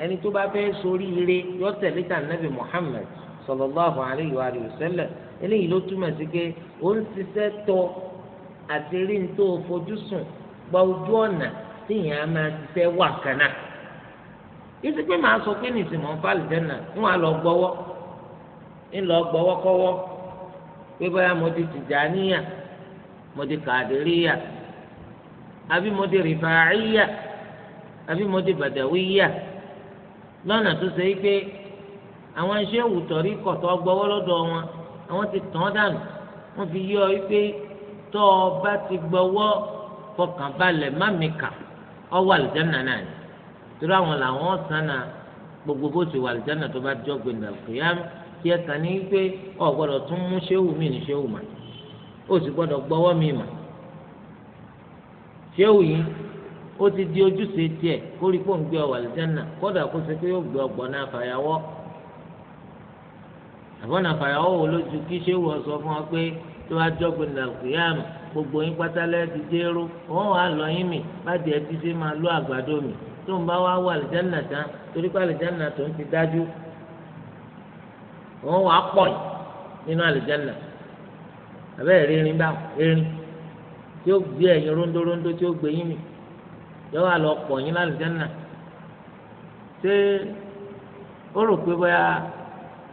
ẹni tó bá fẹ́ sórí ire yọ tẹlẹ nàbì Muhammad sallallahu alayhi wa sallam eléyìí ló túmọ̀ sí pé ó ń ṣiṣẹ́ tọ àti rí ní tó fojú sùn gba ojú ọ̀nà tí ìyẹn á máa ṣiṣẹ́ wà kánà màá sọ pé ńlọ gbọ́wọ́kọ́wọ́ pé bóyá mo di tìjàníyà mo di kàdíríyà àbí mo di rìfàáyà àbí mo di bàdàwíyà lọ́nà tó ṣe é pé àwọn iṣẹ́ òwùtọ̀rí kọ̀tọ́ gbọ́wọ́ lọ́dọ̀ wọn àwọn ti tàn án dànù wọ́n fi yọ ọ pé tọ́ ọ bá ti gbọ́wọ́ fọkànbalẹ̀ má mi kà ọ wà lìjánà náà ni torí àwọn làwọn sànà gbogbo bó ti wà lìjánà tó bá jọ gbẹndàkúyàmù tiẹ̀ kàn ní pé o gbọ́dọ̀ tún mú ṣéwù mí ní ṣéwù mà o sì gbọ́dọ̀ gbọ́wọ́ mi mà ṣéwù yìí ó ti di ojúṣe tiẹ̀ kó rí pò ń gbé ọ wà lìjánà kódà kó ṣe pé yóò gbé ọgbọ́n náà fàyàwọ́ àbọ̀nà fàyàwọ́ wò lójú kí ṣéwù ọ sọ fún wa pé tó bá jọ́gbìn nàìjíríà gbogbo yín pátálẹ́ ti dérú wọ́n wàá lọ yín mi bájẹ́ ẹ ti ṣe máa lọ àgbàdo mi tó ń bá wá wà lìjánà tán torí pé àlìjánà tó ń ti dájú wọn wà pọ̀ yìí nínú àlùjánnà abẹ́ ìrìnrìn bá ìrìn tí ó gbé ẹ̀yìn rondórondó tí ó gbé yín mi yóò wà lọ pọ̀ yín ṣé ó rò pé bóyá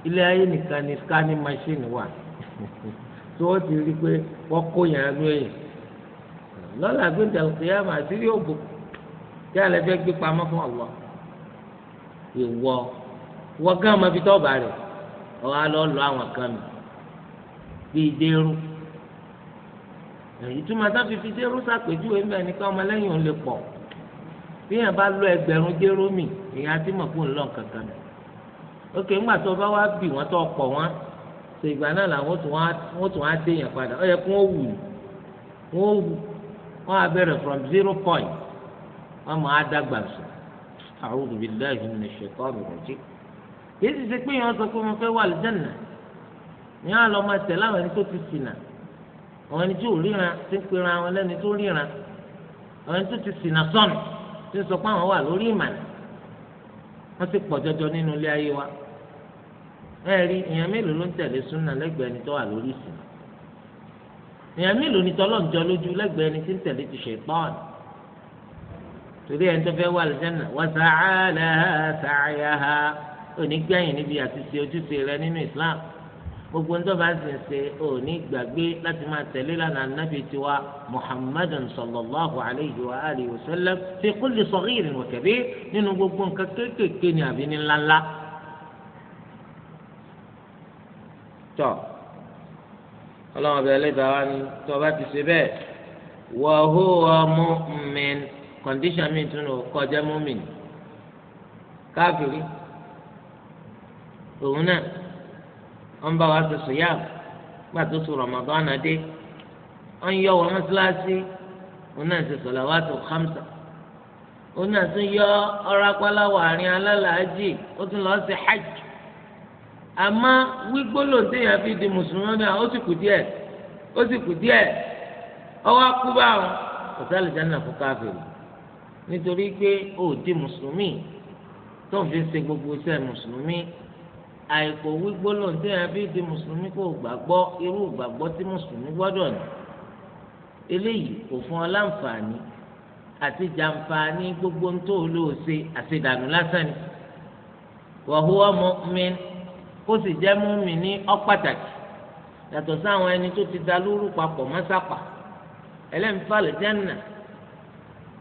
ilé ayé nìkan ni scanning machine wà tí wọ́n ti rí pé wọ́n kó yàn án lóye lọ́la gbẹ̀dẹ̀ òkèèyà mà kí alẹ́ fẹ́ fún ọ̀wọ́ ìwọ wọ́n gán ọmọ rẹ̀. ọwọ́ alọ́ lọ àwọn kan mi bíi dérú ìtumọ̀ sáfi fi dérú sàpèjúwe ń bẹ̀ ní ká ọmọlẹ́yìn òun lè pọ̀ bí èèyàn bá lọ ẹgbẹ̀rún dérú mi èèyàn á ti mọ̀ fún ńlọ kankan mi ókè ńgbà tó bá wá bì wọ́n tó pọ̀ wọ́n tó ìgbà náà làwọn ó tún á dé èèyàn padà ó yẹ kó wọ́n wù wọ́n wù wọ́n á from zero point wọ́n mọ̀ á dàgbà sùn a'udhu billahi minash shaitani rajim kìí sì ṣe pé èèyàn sọ pé mo fẹ́ wà lìjánà ní àlọ́ máa tẹ̀ láwọn ẹni tó ti ṣìnà àwọn ẹni tí ò ríran ti ń pera àwọn ẹlẹ́ni tó ríran àwọn ẹni tó ti ṣìnà sọnù ti ń sọ pé àwọn wà lórí ìmàlẹ̀ wọ́n ti pọ̀ jọjọ nínú ilé ayé wa ẹ rí èèyàn mélòó ló ń tẹ̀lé súnà lẹ́gbẹ̀ẹ́ ẹni tó wà lórí ìsìn èèyàn mélòó ni tọ́lọ́ ń jọ lójú lẹ́gbẹ̀ẹ́ ẹni tí ń tẹ̀lé ti ṣe pọ́ọ̀n torí ẹni tó fẹ́ wà lìjánà wọ́n sàá onígbẹ̀yìn níbi àtúnṣe ojúṣe rẹ nínú Islam gbogbo ń tọ́ba sì ń ṣe òní gbàgbé láti máa tẹ̀lé lánàá nábì tiwa muhammadun sallallahu alayhi wa alihi wa sallam fi kulli saghirin wa kabir nínú gbogbo nǹkan kéékèèké ni àbí ní ńláńlá. tọ́ ọlọ́run ọbẹ̀ ẹlẹ́dàá wa ni tọ́ba ti ṣe bẹ́ẹ̀ wa huwa mu'min kọ́ndíṣàn mi tún kọjá mu'min káfíìrì. òun náà wọn bá wa ṣe sòyà gbà tó so Ramadan adé wọn yọ wọn mọ́sálásí òun náà ṣe sọlawatu òun náà tún yọ ọ̀rọ̀ apálá wàárín alálàájì ó tún lọ sí hajj àmọ́ wígbólò fi di mùsùlùmí náà ó sì kù díẹ̀ ó sì kù akú fún nítorí pé ó di mùsùlùmí gbogbo mùsùlùmí. àìkò wí gbólóhùn tí yẹn fi di mùsùlùmí kò gbàgbọ́ irú gbàgbọ́ tí mùsùlùmí gbọ́dọ̀ ní eléyìí kò fún ọ láǹfààní àti jàǹfààní gbogbo ń tó olóòṣe àṣedànù lásán ni wa huwa mu'min kó sì jẹ́ mùmí ní ọ́pàtàkì yàtọ̀ sáwọn ẹni tó ti da lóru papọ̀ mọ́sápà ẹlẹ́nfàlẹ̀ jẹ́nà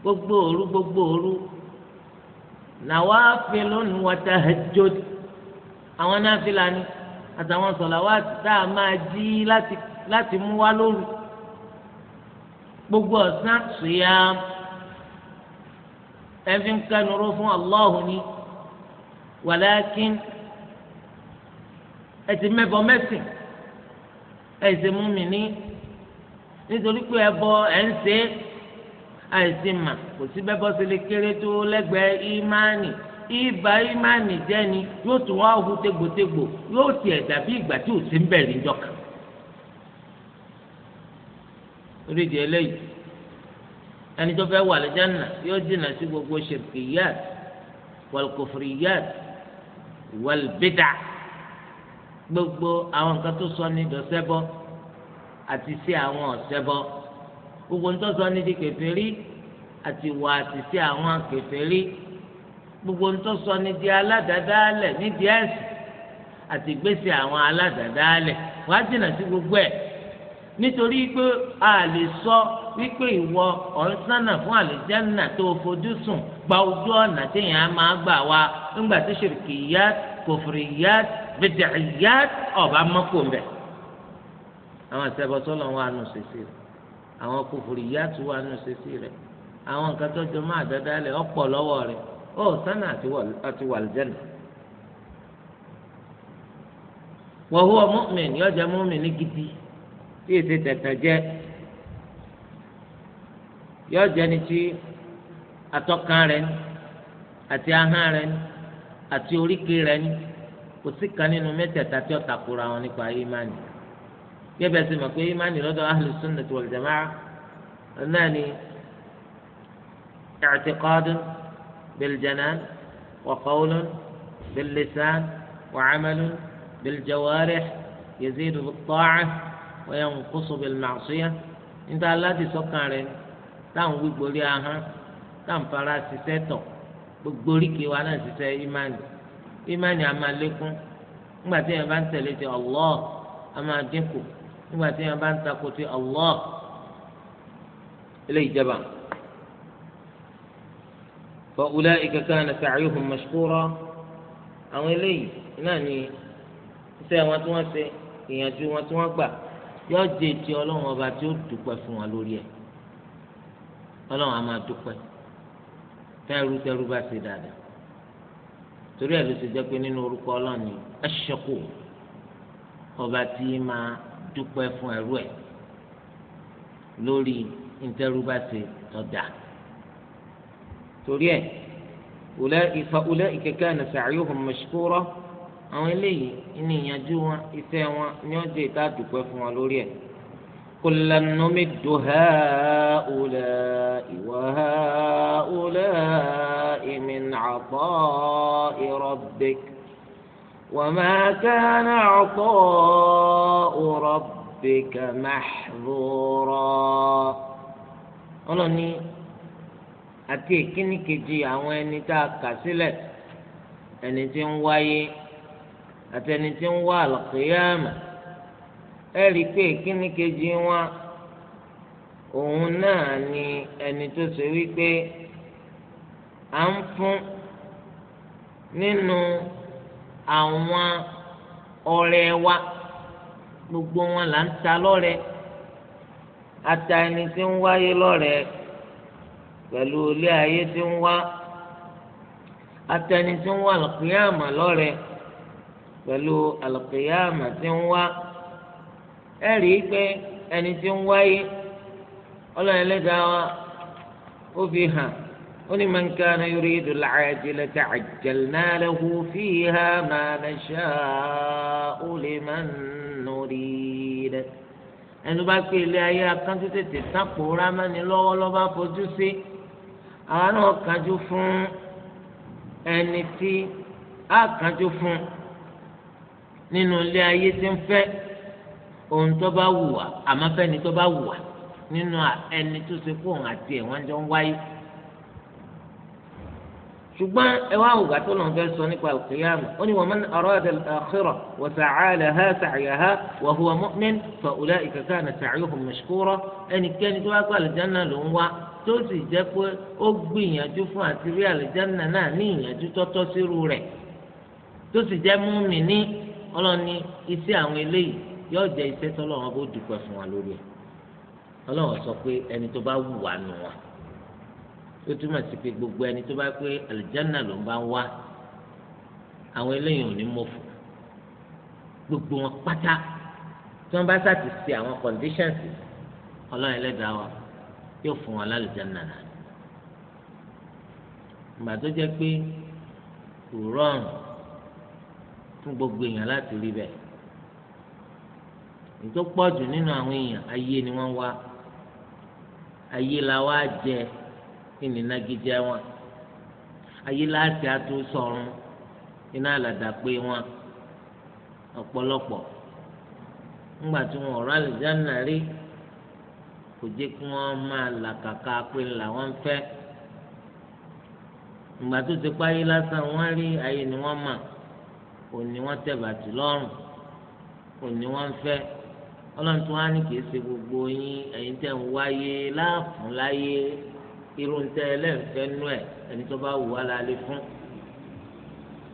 gbogbo òru gbogbo òru nàwa fi lónìí wa tahajjud àwọn náfìlà ni àtàwọn sọ̀làwátì tá a máa jí láti mú wá lóru gbogbo ọ̀sán ṣìyà ẹ fi ń kẹnuró fún Allah ni wàlákin ẹ ti mẹ́bọ mẹ́sìn ẹ ṣe mú mi ní nítorí pé ẹbọ ẹ ń ṣe àìsí mà kò sí bẹ́bọ sí lè kéré tó lẹ́gbẹ̀ẹ́ ìmánì ibà ìmánì jẹ́ni yóò tún wá hu tégbòtégbò yóò tiẹ̀ dàbí ìgbà tí ò sí ń bẹ̀rẹ̀ níjọ́ kan. orí ìdí eléyìí ẹni tó fẹ́ wà lẹ́jánà yóò jìnnà sí gbogbo ṣirkiyat wàlkùfìrìyat wàlbídà gbogbo àwọn nǹkan tó sọ ní dọ̀sẹ́bọ àti sí àwọn ọ̀sẹ́bọ gbogbo nǹkan tó sọ ní di àti wà àti sí àwọn kèfèrí gbogbo ntọ́ sọ ni di aládàádáálẹ̀ nídìí ẹ̀sìn àti gbèsè àwọn aládàádáálẹ̀ wọ́n á dènà sí gbogbo ẹ̀ nítorí pé a lè sọ wípé ìwọ ọ̀nsánà fún àlùjánnà tó o fojú sùn gba ojú ọ̀nà téèyàn á máa gbà wá nígbà tí ṣìrìkìyàt kòfìrìyàt bìdìrìyàt ọ̀bá mọ́kòmbẹ̀. àwọn ìṣẹ́bọ̀sọ́lọ̀ wà nù sèse rẹ̀ àwọn kòfìrìyàt wà nù sèse rẹ̀ àwọn nǹkan tó jọ máa dáadáa lẹ̀ ọ̀pọ̀ lọ́wọ́ rẹ̀ ọ sánà àti wàlìjẹ́nà wọ́n hu mọ́mìn yọ jẹ́ mọ́mìn ní gidi tí èsì tẹ̀tẹ̀ jẹ́ yọ jẹ́ ni tí atọ́kan rẹ̀ ni àti ahọ́n rẹ̀ ni àti oríkèé rẹ̀ ni kò sí kan nínú mẹ́tẹ̀ẹ̀ta tí ó takora wọn nípa ìmánì gẹ́gẹ́ bí mọ̀ pé ìmánì lọ́dọ̀ ahlus sunnah wal jamaa náà ni i'tiqadun. بالجنان وقول باللسان وعمل بالجوارح يزيد بالطاعة وينقص بالمعصية انت الذي سكر تام بقولي اها تام فراسي سيتو كي وانا سيسي ايماني ايماني اما لكم nígbà tí yẹn bá ń tẹ̀lé ti Allah a máa dínkù nígbà فأولئك كان سعيهم مشكورا أو إليه ناني سيما توانسي ìyànjú wọn tí wọn gbà yóò jẹ ti Ọlọ́run ọba tí ó dúpẹ́ fún wọn lórí ẹ Ọlọ́run á máa dúpẹ́ tẹrú tẹrú bá ṣe dáadáa torí ẹ ló ṣe jẹ pé nínú orúkọ Ọlọ́run ni ẹṣẹkù ọba tí máa dúpẹ́ fún ẹrú ẹ lórí ntẹrú bá ṣe tọdà. torí ẹ̀ fa'ulaika kana sa'yuhum mashkura àwọn eléyìí ní ìyànjú wọn iṣẹ́ wọn ní ọjọ́ ìta dùpẹ́ fún wọn lórí ẹ̀ kullan numiddu ha'ula'i wa ha'ula'i min 'ata'i rabbik وما كان عطاء ربك محظورا ọlọ́ni àti ìkíní kejì àwọn ẹni tá a kà sílẹ̀ ẹni tí ń wáyé àti ẹni tí ń wá àlùkìyàmà ẹ rí i pé ìkíní kejì wọn òun náà ni ẹni tó ṣe wípé à ń fún nínú àwọn ọrẹ wa gbogbo wọn là ń ta lọ́rẹ ata ẹni tí ń wáyé lọ́rẹ pẹ̀lú ilé ayé tí ń wá atẹni tí ń wá alùpùpù lọ́rẹ̀ pẹ̀lú alùpùpù tí ń wá ẹ rí i pé ẹni tí ń wáyé ọlọ́run ẹlẹ́dàá wa ó fi hàn ó ní man kana yuridu al-ajilata ajjalna lahu fiha ma nasha'u liman nurid ẹnu bá pé ilé ayé akántó tètè sápò rámánì lọ́ba fojú sí. Si àwa náà kánjú fún ẹni tí a kánjú fún nínú ilé ayé tí ń fẹ́ ohun tó bá wù wá àmọ́ fẹ́ni tó bá wù wá nínú ẹni tó ṣe fún òun àti ẹ̀ wọ́n jọ ń wáyé ṣùgbọ́n ẹ wá àwùgbà tó lọ́n fẹ́ sọ nípa al-qiyamah ó ní wa man arada al-akhirah wa sa'a laha sa'yaha wa huwa mu'min fa ula'ika kana sa'yuhum mashkura ẹnikẹ́ni tó wá pé àlùjáná ló ń wá tó sì jẹ́ pé ó gbìyànjú fún àti rí àlùjáná náà ní ìyànjú tọ́tọ́ sírú rẹ̀ tó sì jẹ́ mùmínì ọlọ́ni iṣẹ́ àwọn eléyìí yóò tó túmọ̀ sí pé gbogbo ẹni tó bá pé àlìjánà ló ń bá ń wá àwọn eléyìí ò ní mọ̀fù gbogbo wọn pátá tí wọ́n bá sàti ṣe àwọn conditions ọlọ́run ẹlẹ́dàá wa yóò fún wọn lálìjánà náà ìgbà tó jẹ́ pé kò rọrùn fún gbogbo èèyàn láti rí bẹ́ẹ̀ ètò pọ̀jù nínú àwọn èèyàn ayé ni wọ́n wá ayé la wá jẹ́ ẹ̀ ìnìnagijẹ wọn ayé láti àtó sọrun iná àlàdà pé wọn ọ̀pọ̀lọpọ̀ ńgbà tí wọn ọ̀rọ̀ àlùjáná rí kò jẹ́ kí wọ́n máa làkàkà pé làwọn ń fẹ́ ìgbà tó ti páyé lásán wọ́n rí ayé ni wọ́n mà òní wọ́n tẹ̀bàtì lọ́rùn òní wọ́n ń fẹ́ ọlọ́run tó wá ní kìí ṣe gbogbo yín ẹ̀yin tẹ̀ ń wáyé láàfún láyé irú ntẹ ẹlẹ́nfẹ́ nú ẹ̀ ẹni tó bá wù wá la lè fún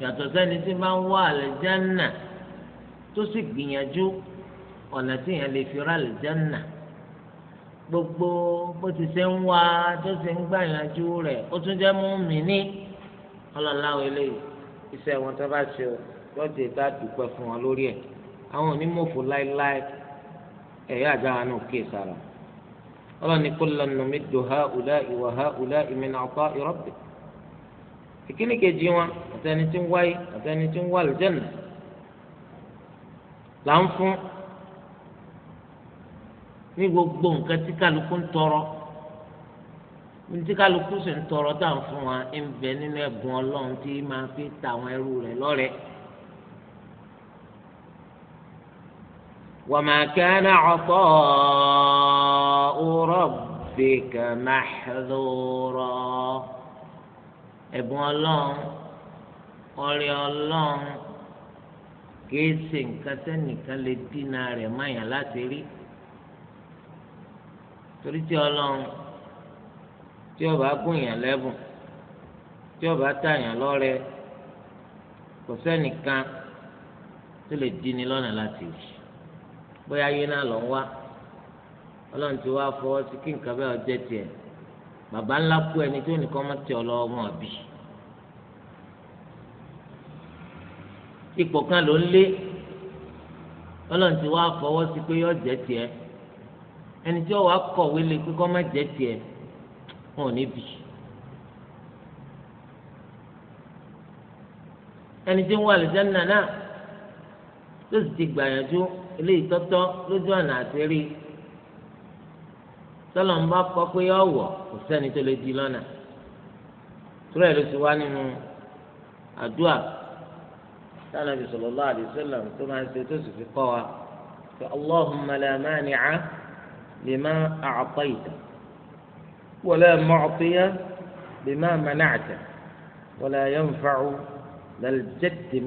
yàtọ̀ sẹ́ni tí máa ń wá àlẹ́jánà tó sì gbìyànjú ọ̀nà tí yẹn lè fi rà àlẹ́jánà gbogbo bó ti ṣe ń wá tó ṣe ń gbàyànjú rẹ̀ ó tún jẹ́ mú mi ní ọlọ́láwọ̀ eléyìí iṣẹ́ wọn tó bá ṣe o lọ́dẹ bá dúpẹ́ fún wọn lórí ẹ̀ àwọn onímọ̀fó láéláé ẹ̀yà àjáwá náà kíyèsára ọlọ́ni kullan numiddu haula'i wa haula'i min ata'i rabbik ìkíni kejì wọn àtẹni tí ń wáyé àtẹni tí ń wá àlùjẹ́nà là ń fún ní gbogbo nǹkan tí kálukú ń tọrọ tí kálukú sì ń tọrọ tá ń fún wa ń bẹ nínú ẹ̀bùn ọlọ́run tí máa fi ta àwọn ẹrú rẹ̀ lọ́rẹ̀ẹ́. wa ma kana 'ata'a. ربك محذورا ẹ̀bùn ọlọ́run ọrẹ ọlọ́run kìí ṣe nǹkan tẹ́nìkan lè dínà rẹ̀ máyà láti rí torí tí ọlọ́run tí ó bá gùnyàn lẹ́bùn tí ó bá tàyàn lọ́rẹ kò sẹ́nìkan tó lè dín ní lọ́nà láti rí bóyá ayé náà lọ ń wá ọlọ́run ti wá fọwọ́ sí kí nǹkan bẹ́ẹ̀ ọjẹ́ tiẹ̀ bàbá ńlá kú ẹni tó nìkan mọ́ tẹ ọlọ́wọ́ wọn àbí. ipò kan ló ń lé ọlọ́run ti wá fọwọ́ sí pé ọjẹ́ tiẹ̀ ẹni tí ọwọ́ akọ̀wé lé pé kọ́ má jẹ́ tiẹ̀ wọn ò ní bì. ẹni tí ń wà lè jẹ́ nànà ló sì ti gbàyànjú eléyìí tọ́tọ́ lójú ọ̀nà àti rí i sọlọ ń bá kọ pé yọ wọ kò sẹ́ni tó lè di lọ́nà túrẹ̀ ló ti wá nínú àdúà sanabi sallallahu alaihi wasallam tó máa ń ṣe tó sì fi kọ́ wa pé allahumma la mani'a lima a'tayta wa la lima mana'ta wa la yanfa'u dhal jaddi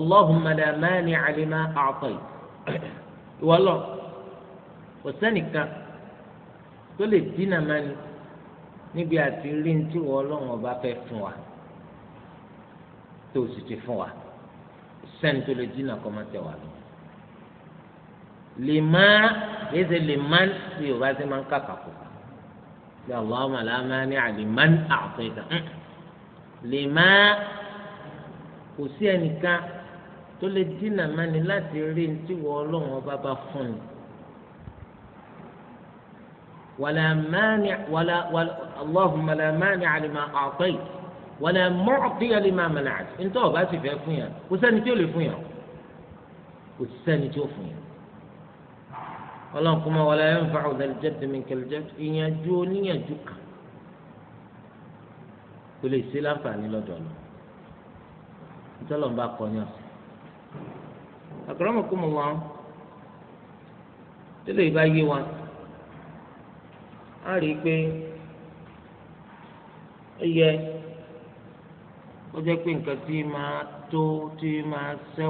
allahumma la mani'a lima a'tayta ìwọ kò sẹ́nìkan tó lè dínà mání níbi àti rí ní tí wọ́n ọlọ́run ọba fẹ́ fún wa tó sì ti fún wa sẹ́ni tó lè dínà kọ́ máa tẹ̀ wá lọ. lè má yé ṣe lè má sí yorùbá ṣe máa ń kàkà kù bí aláwọ̀ màlámà ní àlìmán àtọ̀ ìta lè má kò sí ẹnìkan tó lè dínà mání láti rí ní tí wọ́n ọlọ́run ọba bá fún ni. ولا مانع ولا, ولا اللهم لا مانع لما أعطيت ولا معطي لما منعت انت ò bá sì fẹ́ fún yàn kò sẹ́ni tí ó lè fún yàn kò sẹ́ni tí ó fún yàn ọlọ́run kúmọ wala yanfa'u dhal jaddi minkal jaddi ìyànjú oníyànjú kan kò lè ṣe láǹfààní lọ́dọ̀ lọ ìtọ́lọ́mùbá kọ́ yàn sí. àkàrà ọmọkùnrin wọn tẹ́lẹ̀ ìbá yé wọn. a rí i pé ó yẹ ó jẹ́ pé nǹkan tí máa tó tí máa tó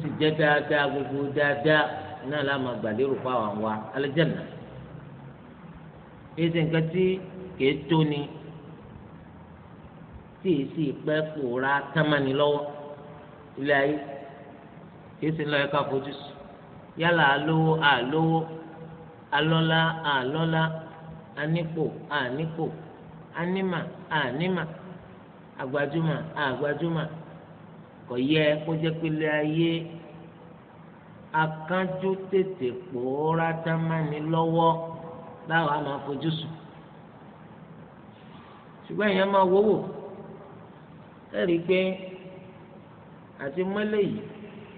sì jẹ́ dáadáa gbogbo dáadáa náà wa alẹ́jẹ̀nà èsì nǹkan tí tó ni tí èyí sì pẹ́ pòórá támánì lọ́wọ́ ilé ayé sì alọ́lá àlọ́lá anípò ànípò Anima, Anima, àgbájúmà àgbájúmà kò yẹ kó jẹ́ pé ilé ayé akánjú tètè pòórá dámání lọ́wọ́ láwọn àmà fojú sùn ṣùgbọ́n èèyàn máa wówó ẹ̀rí pé àti mọ́lẹ̀ yìí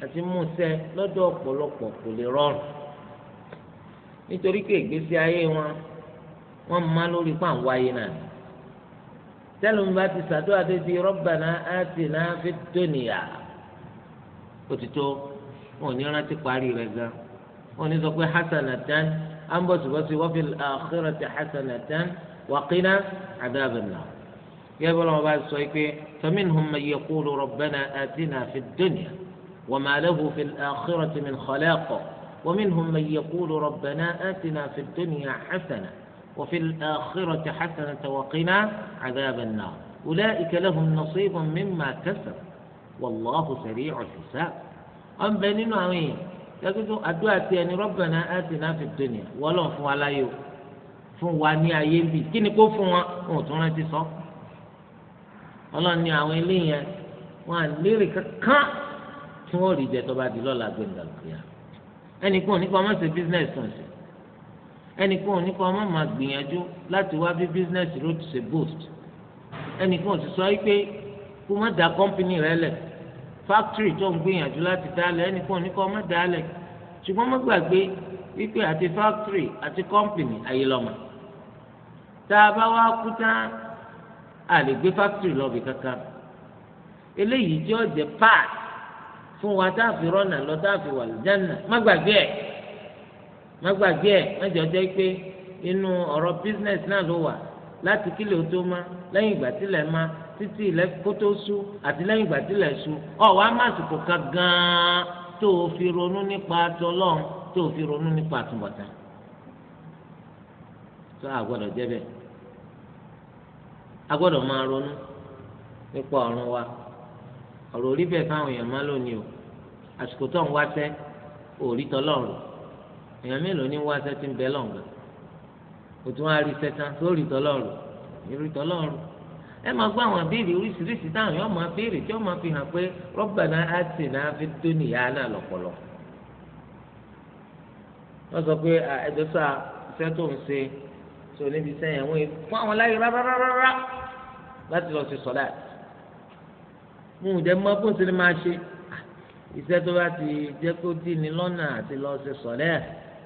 àti mọ́sẹ̀ lọ́dọ̀ ọ̀pọ̀lọpọ̀ kò lè rọrùn nítorí pé ìgbésí ayé wọn wọn má lórí pa àwọn ayé náà tẹlifù bá ti sàdúrà tó ti rabbana atina fid dunya òtítọ́ wọn ò ní rántí parí rẹ̀ gan wọn ò ní sọ pé hasanatan à ń bọ̀ síbọ̀sí wa fil akhirati hasanatan wa qina adhaban nar yẹ́n bọ́lá wọn bá sọ pé faminhum man yaqulu rabbana atina fid dunya wa ma lahu fil akhirati min khalaq. ومنهم من يقول ربنا آتنا في الدنيا حسنة وفي الآخرة حسنة وقنا عذاب النار أولئك لهم نصيب مما كسب والله سريع الحساب أم بنين أمين يقول أدعى يعني ربنا آتنا في الدنيا ولو فوالا يو fún wa ní ayé ń bì kí ni kó ni ولو fun wa wọn ò tún rántí sọ ọlọ́run ní àwọn eléyìí ẹnìkan ní kó ọmọ ṣe business kan sí ẹnìkan ní kó ọmọ máa gbìyànjú láti wá bí business ló ti ṣe boost ẹnìkan sì sọ pé kó má da company rẹ lẹ̀ factory tó ń gbìyànjú láti dálẹ̀ ẹnìkan ní kó ọmọ dálẹ̀ ṣùgbọ́n má gbàgbé wípé àti factory àti company ayé lọ́mọ tá a bá wá kú tán a lè gbé factory lọ́ọ̀bì kankan eléyìí jẹ́ ọ̀jẹ̀ part fún wa tá a fi rọ́nà lọ tá a fi wà lùjánà má gbàgbé ẹ má gbàgbé ẹ̀ má pé inú ọ̀rọ̀ business náà ló wà láti kílè tó má lẹ́yìn ìgbà tílẹ̀ má títí ilẹ̀ kó tó sú àti lẹ́yìn ìgbà sú an tó o fi ronú nípa tó o àsìkò tó ń wáṣẹ́ òòrí tọlọ́run èèyàn mélòó ní wáṣẹ́ ti ń bẹ lọ́ǹgà o tún wá rí sẹ́tàn sórí tọlọ́run ìrí tọlọ́run ẹ máa gbọ́ àwọn abéèrè oríṣiríṣi táwọn yóò máa béèrè tí wọ́n máa fi hàn pé Rabbana atina fid dunya náà lọ́pọ̀lọ́ wọ́n sọ pé ẹ̀dọ́sà iṣẹ́ tó ń ṣe tó níbi sẹ́yìn àwọn fún àwọn láyé rárárárá láti lọ sí sọ́dà mo ò jẹ́ mọ́ bó ń ṣe ni máa ṣe iṣẹ́ tó bá ti jẹ́ kó dì ní lọ́nà àti lọ́ọ́ ṣe sọ̀rẹ́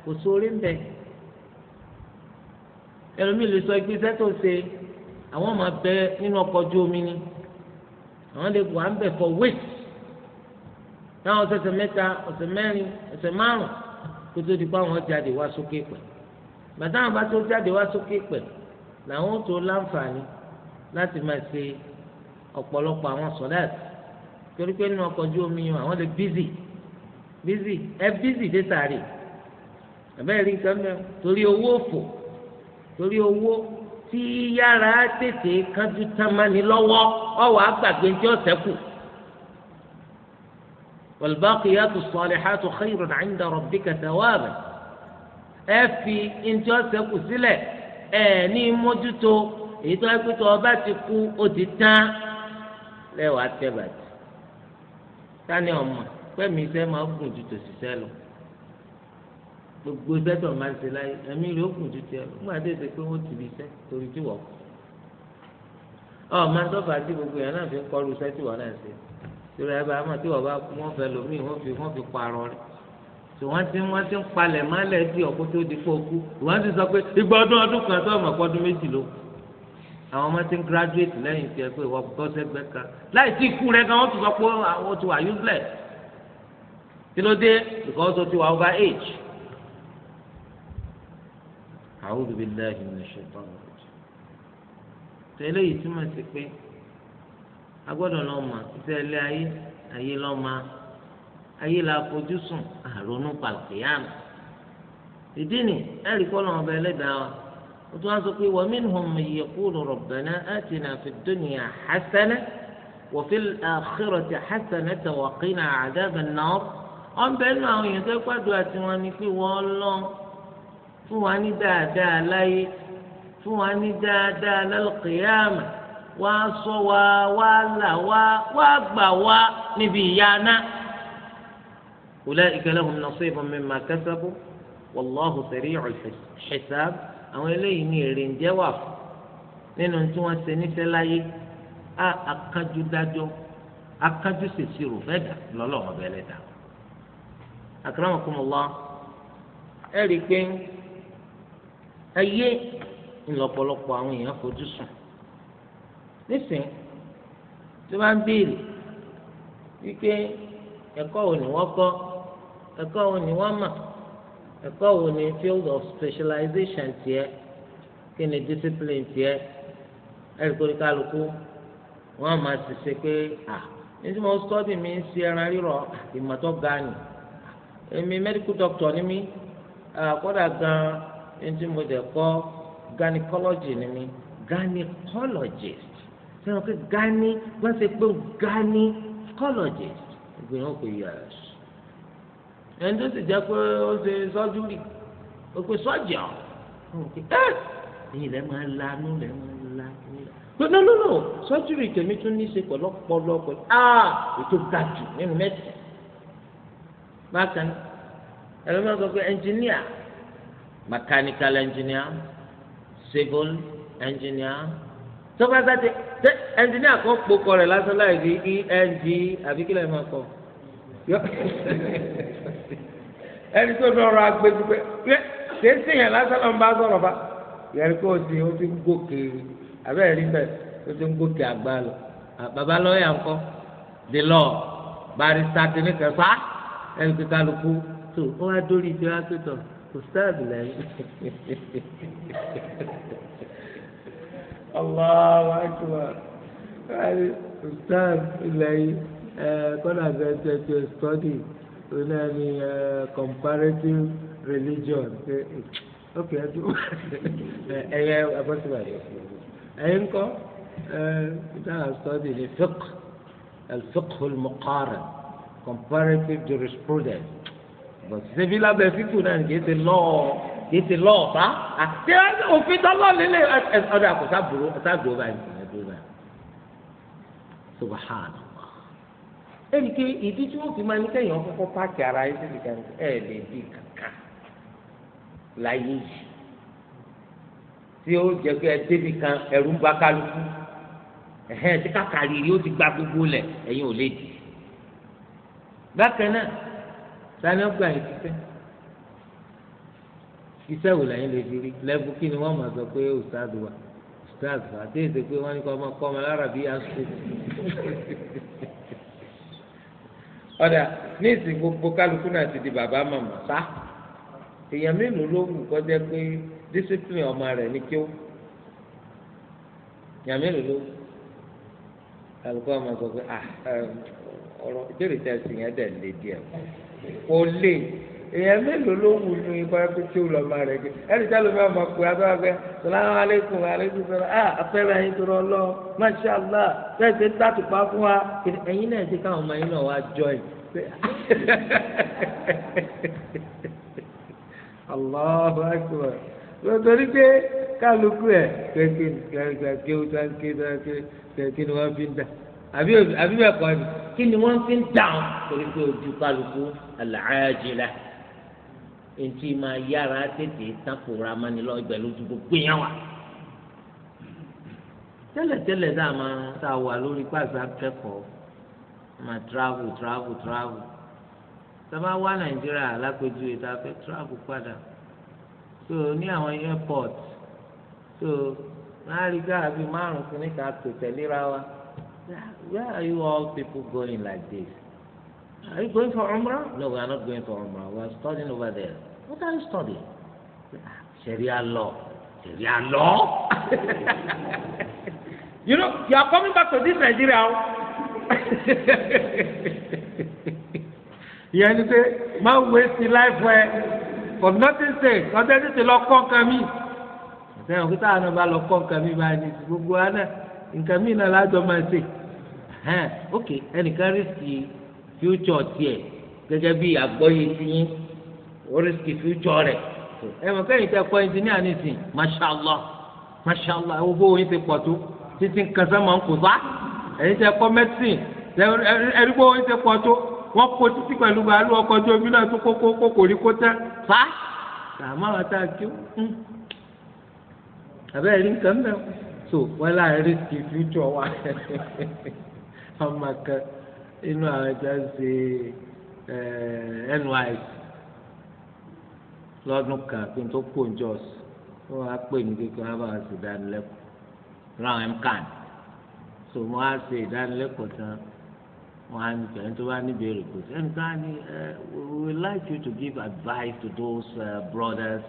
kò sórí ń bẹ ẹlòmíì lè sọ pé iṣẹ́ tó ṣe àwọn máa bẹ nínú ọkọ̀ ojú omi ni àwọn lè wà ń bẹ̀ for wait táwọn ọ̀sẹ̀ mẹ́ta ọ̀sẹ̀ mẹ́rin ọ̀sẹ̀ márùn kó tó di pé àwọn jáde wá sókè pẹ̀ bàtà àwọn bá tó jáde wá sókè pẹ̀ làwọn tó láǹfààní láti máa ṣe ọ̀pọ̀lọpọ̀ àwọn sọ̀dáàtì torí pé nínú ọkọ̀ ojú omi yẹn àwọn lè bízì bízì ẹ bízì dé sàárè àbẹ́rẹ́ rí nǹkan mẹ́rin torí owó òfò torí owó tí yára tètè kánjú támánì lọ́wọ́ ọwọ́ àgbàgbé tí ó sẹ́kù. والباقيات الصالحات خير عند ربك ثوابا ẹ fi ntí ọsẹ kù sílẹ̀ ẹ ní mójútó èyí tó ẹ pé tó tani ọmọ pẹ́mi iṣẹ́ máa gùn ju tòsí iṣẹ́ lọ gbogbo iṣẹ́ tó máa ń ṣe láyé ẹ̀mí rẹ̀ ó gùn ju tiẹ̀ lọ nígbà tó ṣe pé wọ́n ti fi iṣẹ́ torí tí wọ́n kù ọ máa ń tọ́fà sí gbogbo yẹn náà fi ń kọ́lu iṣẹ́ tí wọ́n náà ṣe torí ẹ bá a mọ̀ tí wọ́n bá wọ́n fẹ́ lomi wọ́n fi wọ́n fi parọ́ rẹ̀ tí wọ́n ti wọ́n ti ń palẹ̀ mọ́lẹ̀ bí ọ̀kú tó di kó kú wọ́n ti sọ pé ìgbà ọdún ọdún kan tó ọmọ àwọn ọmọ tí ń graduate lẹ́yìn tí ẹ pé ìwọ bọ́ sẹ́gbẹ́ kan láì sí ikú rẹ gan wọ́n ti sọ pé àwọn ti wà useless kí ló dé because o ti wà over age. A'udhu billahi minash shaitanir rajim. tẹ́lẹ̀ yìí túmọ̀ sí pé a gbọ́dọ̀ lọ mọ̀ títẹ́ ilé ayé ayé lọ́ ma ayé la fojú sùn àrònú pàlùkìyàmù ìdí ni ẹ̀rí kọ́ lọ́wọ́ bẹ ẹlẹ́dàá wa. wọ́n á sọ pé wa minhum man yaqulu rabbana atina fid dunya hasanah wa fil akhirati hasanah wa qina adhaban nar wọ́n bẹ́ẹ̀ nù àwọn èèyàn tó gbàdúrà àti wọn ni pé wọ́n lọ fún wa ní dáadáa láyé fún wa ní dáadáa lálùkìyàmà wá sọ wa wá là wá wá gbà wá níbi ìyá náà. ulaika lahum nasibun mimma kasabu wallahu sari'ul hisab. àwọn eléyìí ní èrè ń jẹ́ wà fún nínú tí wọ́n ṣe níṣẹ́ láyé á akájú dájọ́ akájú ṣèṣì rò fẹ́ dà lọ́lọ́wọ́ bẹ̀rẹ̀ dà. akramakumullah ẹ rí i pé àwọn èèyàn fojú sùn nísìn tí wọ́n ń béèrè ẹ̀kọ́ wo ni field of specialization tiẹ̀ kí ni discipline tiẹ̀ ẹ̀ríkó ní kálukú wọ́n máa ṣiṣẹ́ pé à nítorí mo sọ́ọ́dì mi ń ṣe ẹran rírọ̀ ìmọ̀tọ́ ga ni èmi medical doctor ni mí kódà gan nítorí mo dẹ̀ kọ́ gynecology ni mí gynecologist sẹ́wọ́n pé gani wọ́n ṣe pé gani gynecologist ìgbìyànjú kò yẹ ẹ̀ṣọ́ ẹni tó sì jẹ́ pé ó ṣe sọ́júrì ó pe sọ́jì ọ̀ ẹ́ ẹ̀yin lẹ́ máa lanú lẹ́ máa lanú. pé no no no sọ́júrì tèmi tún ní í ṣe pẹ̀lú ọpọlọ pẹ̀lú ah ètò ga jù nínú mẹ́tì. bákan ẹ̀rọ máa sọ pé ẹnjìníà mechanical engineer civil engineer tó bá sá ti ṣe ẹnjìníà kan kpókọ rẹ̀ lásán láì fi eng àbí máa kọ. ẹni tó lọ́rọ̀ agbẹdùgbẹ ṣé ṣe yẹn lásán ló ń bá sọ̀rọ̀ bá yẹn kó o sì o ti ń gòkè abẹ́rẹ́ rí bẹ́ẹ̀ o ti ń gòkè àgbà lọ bàbá lọ́ọ̀yà ńkọ́ the law barista ti ní kẹfà ẹni tó kálukú tó ó wá dórí ìdí wá pẹ̀tọ̀ kò sáàbì lẹ́yìn. Allahu akbar kò sáàbì lẹ́yìn kọ́nà bẹ́ẹ̀ tẹ̀ tẹ̀ òun náà ni comparative religion pé ok ẹdun ẹyẹ abọ́síwá yẹ ẹyin kọ́ dáhà sọ́ọ́dì ní fiqh al-fiqh al-muqaran comparative jurisprudence ṣebí lábẹ́ fíkù náà kìí ṣe lọ́ọ̀ kìí ṣe lọ́ọ̀ bá àti òfin tọ́lọ́ nílé ọ̀dọ̀ àkùsà dúró báyìí subhanahu ẹnì kí ìdí tí wọ́n fi máa ní kẹ́yìn ọkọ̀ pààkì ara yín síbi kan ẹ̀ lè di kàkà láyé yìí tí ó jẹ́ pé ẹ débi kan ẹ̀rù ń bá kálukú ẹ̀hẹ́n tí kàkà rírì ó ti gba gbogbo lẹ̀ ẹ̀yin ò lè dì í. bákan náà sani ọgbà yìí ti fẹ́ iṣẹ́ wò lẹ́yìn lè fi rí lẹ́bù kí ni wọ́n máa sọ pé ustaz wa ustaz wa àti èsè pé wọ́n ní kọ́ ọmọ kọ́ ọmọ lára bí i asukú. ọ̀dà ní ìsìn gbogbo kálukú náà ti di bàbá màmá sá èèyàn mélòó ló wù kọjá pé discipline ọmọ rẹ̀ ní kí ó èèyàn mélòó ló wù kálukú ọmọ sọ pé ah, ọ̀rọ̀ ìbéèrè tẹ̀sí yẹn dẹ̀ lé díẹ̀ kó lè èèyàn mélòó ló wù ní ipa pé tí o lọ máa rẹ gé ẹni tí a lọ fẹ́ máa pè abẹ́rẹ́ abẹ́ salamu aleykum aleykum sọlá a ah, afẹ́rẹ́ ayé tó rọ lọ masha allah bẹ́ẹ̀ ṣe ń tàtùpá fún wa ẹ̀yin náà ṣe káwọn ọmọ yín náà wá jọ ẹ̀ allahu akbar lọ́tọ́rí pé kálukú ẹ̀ kẹ́kẹ́ kẹ́kẹ́ tó ń ké tó ń ké kẹ́kẹ́ ni wọ́n fi ń dà àbí bẹ́ẹ̀ kọ́ ni kí ni wọ́n fi ń dà ọ́ torí pé ojú kálukú al-ajila ntí máa yára tètè takora mani lọ ìgbà lójú gbogbo yẹn wa tẹ́lẹ̀tẹ́lẹ̀ tá a máa tá a wà lórí pàṣẹ akẹ́kọ̀ọ́ máa travel travel travel sábà wá nàìjíríà alápèjúwe tá a fẹ́ travel padà so ní àwọn airport so máa rí gáà bíi márùn kìíní ká tò tẹ̀léra wa where are you all people going like this are you going for umrah no we are not going for umrah we are studying over there. What are you studying? Sharia law. Sharia law? you know, you are coming back to this Nigeria. ìyẹn ni pé má waste life ẹ for nothing sake ọjọ́ tètè lọ kọ́ nǹkan mi ọ̀sẹ̀ òkúta àná bá lọ kọ́ nǹkan mi báyìí ní gbogbo àná nǹkan mi náà lájọ máa ṣe ok ẹnìkan rí future tiẹ̀ gẹ́gẹ́ bí àgbọ́yé ti yín oríṣìí fíjọ rẹ̀ ẹ mọ̀ kẹ́yìn tẹ́ kọ́ ẹnjìníà nísìn mashallah mashallah ẹ wo bó oyin ti pọ̀ tó títí kẹsàn-án máa ń kó sá ẹ̀yin tẹ́ kọ́ mẹ́tìrì ẹ̀rí bó oyin ti pọ̀ tó wọ́n kó títí pẹ̀lú bàálù ọkọ̀ ojú omi náà tó kókó kókò rí kó tẹ́ sá àmọ́ àwọn tá a kí ó hmm. àbẹ́ ẹ̀rí nǹkan mẹ́wọ́ so wọ́n lá oríṣìí fíjọ wa ọmọ kan inú àwọn ẹja ń ṣe ẹ̀ nyc lọ́dún kan pé n tó kó ń jọ sí ó wá pè mí kékeré wá bá a sì dánilẹ́kọ̀ọ́ ráwọn mkan so mo á ṣe ìdánilẹ́kọ̀ọ́ tán wọn á níbi ẹni tó bá níbi èrè sí ẹni tó eh, á we would like you to give advice to those uh, brothers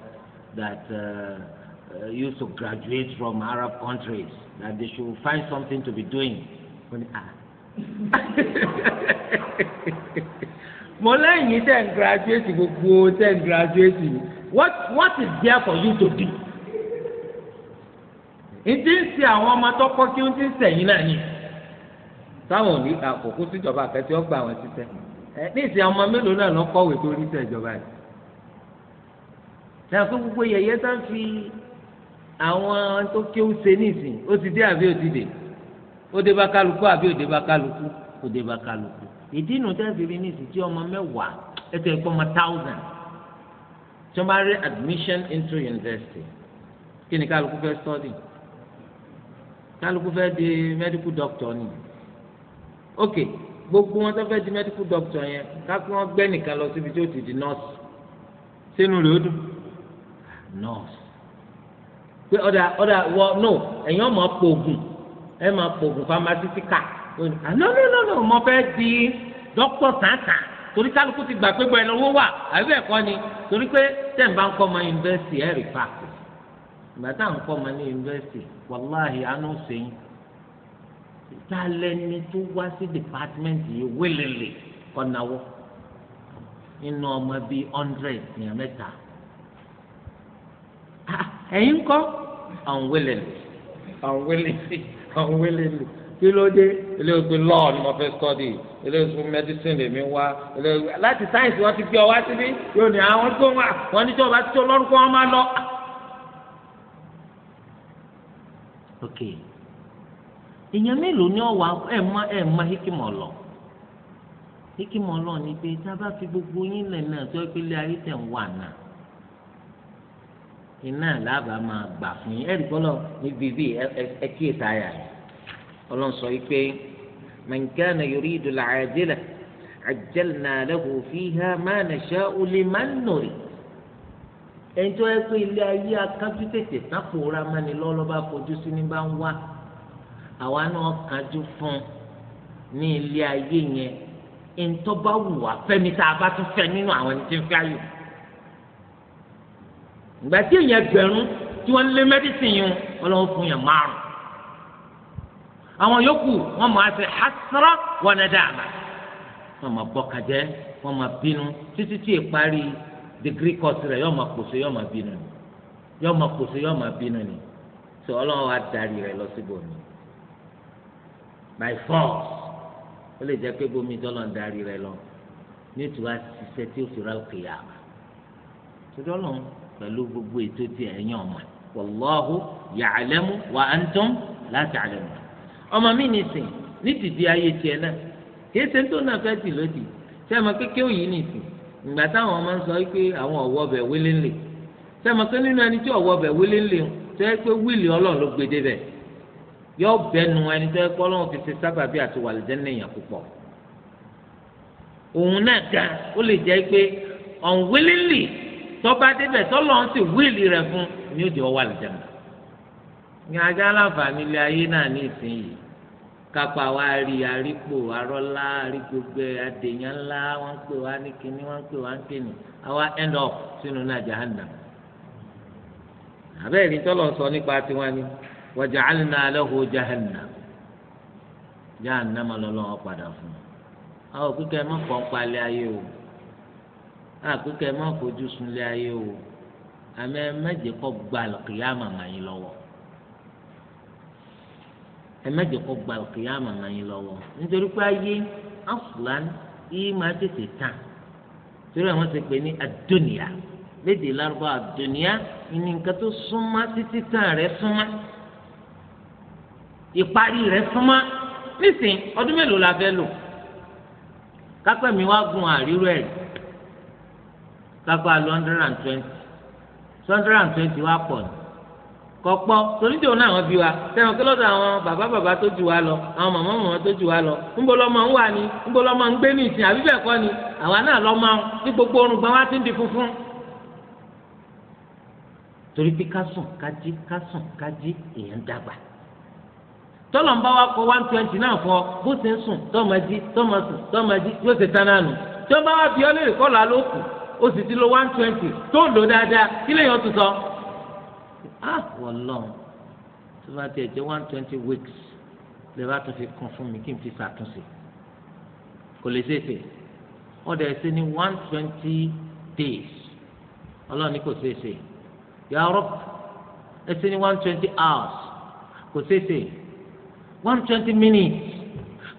that uh, uh, used to graduate from Arab countries that they should find something to be doing. uh, mo lẹ́yìn tẹ̀ ń graduate gbogbo tẹ̀ ń graduate what what is there for you to do? ìdí ń ṣe àwọn ọmọ tó kọ́ kí ó ti ń sẹ̀yìn náà ni táwọn ò ní àkókò síjọba àkẹ́tì ọgbà àwọn títẹ̀ ní ìsìn ọmọ mélòó náà lọ kọ́wé tó rí sẹ̀ ìjọba yìí náà fún gbogbo yẹ̀yẹ́ sáà fi àwọn tó kí ó ṣe nísìn ó ti dé àbí ó ti dé ó dé bá kálukú àbí ó dé bá kálukú ó dé bá kálukú ìdí inú tẹ́sílì ní ìsìn ọmọ mẹ́wàá ẹ̀tọ́ ẹ̀kọ́ ọmọ thousand tí wọ́n bá rí admission into university kí ni kálukú fẹ́ study kálukú fẹ́ di medical doctor ni ok gbogbo wọn tó fẹ́ di medical doctor yẹn kápẹ́ wọn gbẹ́ nìkan lọ síbi tí ó ti di nurse sínú rẹ̀ ó dùn nurse pé ọ̀dà ọ̀dà wọ no ẹ̀yin ọmọ pọ̀ ògùn ẹ máa pògùn fámásítíkà ah, no no no no mo fẹ́ di dókítà tàǹtà torí kálukú ti gbà pé gbọ́ ẹni owó wà àbí ẹ̀kọ́ ni torí pé tẹ̀m̀bá ń kọ́ ọmọ yunifásitì ẹ̀ rí fáàkì ìgbà táwọn ń kọ́ ọmọ ní yunifásitì wàláhì àánú sẹ́yìn ta lẹni tó wá sí dìpátímẹ́ǹtì yìí kọ́ náwó ọmọ bíi àwọn wẹ́lẹ̀ lè kí ló dé ilé ìgbé law ni mo fẹ́ study ilé ìgbé medicine lèmi wá ilé láti sáyẹ̀nsì wọn ti gbé ọ wá síbí yóò ní àwọn tó wà wọn ní bá tó lọ́rùn wọn máa lọ. ok èèyàn mélòó ni ọwà ẹ má ẹ má hikima ọlọ hikima ọlọ ni pé tá a bá fi gbogbo yín lẹ náà tó ẹ pé lé ayé tẹ̀ ń wà náà iná làbà máa gbà fún yín ẹ̀rí kọ́lọ̀ níbi bíi ẹ kíyè táyà yìí ọlọ́run sọ yìí pé man kana yuridu al-ajila ajjalna lahu fiha ma nasha'u liman nuri ẹni tó yẹ pé ilé ayé akájú tètè sápòórá mani lọ́lọ́ba fojú sí ní bá ń wá àwa náà kájú fún ní ilé ayé yẹn ẹni tó bá wù wá fẹ́mi tá a bá tún fẹ́ nínú àwọn ẹni tí ń fẹ́ ayò ìgbà tí èèyàn gbẹ̀rún tí wọ́n lé mẹ́dísìn yìí wọ́n lọ́wọ́ fún yàn márùn àwọn yòókù wọ́n máa ṣe hasra wa nadama wọ́n máa bọ́kàjẹ́ wọ́n máa bínú títí tí ìparí dègírí kọ́ọ̀sì rẹ̀ yọ́ọ́ máa kòso yọ́ọ́ máa bínú ni yọ́ọ́ máa kòso yọ́ọ́ máa bínú ni sọ ọlọ́run wa darí rẹ̀ lọ síbò ni by force ó lè jẹ́ pé bomi dọ́lọ̀ ń darí rẹ̀ lọ nítorí àṣìṣe tí ó fi rà ó kéèyàn àmà tó pẹ̀lú gbogbo ètò tí ẹ̀yin ọ̀mọ̀ wallahu ya'lamu wa antum la ta'lamu. ọmọ mi nìsín ní tìdí ayé tiẹ̀ náà kìí ṣe tó náà fẹ́ tì lódì sẹ́mi kékeré òyìn nìsín ìgbà táwọn ọmọ ń sọ pé àwọn ọ̀wọ́ bẹ̀ wílé ńlẹ̀ nínú ẹni tí bẹ̀ wílé ńlẹ̀ yọ bẹnu ẹni tó ọlọ́run fi tọ́ba débẹ̀ tọ́lọ́ ń sì wíìlì rẹ̀ fún ni ó di ọwọ́ àlùjáde gbàgbé aláǹfààní ilé ayé náà ní ìsinyìí kápá wa rí arípò arọ́lá arígbogbo àdèyàn ńlá wọ́n ń pè wá ní kinní wọ́n ń pè wá kinní àwa end up sínú náà tọ́lọ̀ sọ nípa tiwọn ni wa ja'alna lahu jahannam jahannam lọ́lọ́wọ́ padà fún un àwọn ayé o. àpèkẹ má fojú sunlé ayé o àmì ẹmẹjẹ kọ gba àlùkìyàmà màyín lọwọ ẹmẹjẹ kọ gba àlùkìyàmà màyín lọwọ nítorí pé ayé afulan yìí máa tètè tàn torí àwọn ti pè ní adóníyà lédè lárúbá adóníyà ìní tó súnmọ́ títí tàn rẹ súnmọ́ ìparí rẹ súnmọ́ nísìnyí ọdún mélòó la velo lò kápẹ́ mi wá gun kápá lu hundred and twenty two hundred and twenty pọ̀ ni kọ̀pọ̀ òun wa sẹ́wọ̀n kí lọ́dọ̀ àwọn bàbá lọ àwọn màmá màmá tó lọ ńbọ lọ́mọ ń wà ní ńbọ lọ́mọ ń gbé ní ni àwa náà lọ́mọ ní gbogbo orun wá ti funfun. torí pé ká sùn ká dàgbà tọ́lọ̀ ń bá wa kọ one twenty náà fọ bó ti ń sùn tọ́mọ jí tọ́mọ sùn tọ́mọ jí yóò tán ó sì ti lo one twenty tó ń lò dáadáa kí lèyìn ọtún sọ. ah wọlọ́n tó bá tiẹ̀ jẹ́ one twenty weeks lè bá tún fi kún fún mi kí n fi ṣàtúnṣe kò lè ṣèṣe ọ̀dà ẹ̀sẹ̀ ní one twenty days ọlọ́run ní kò ṣèṣe ya Rabb ẹ̀sẹ̀ ní one twenty hours kò ṣèṣe one twenty minutes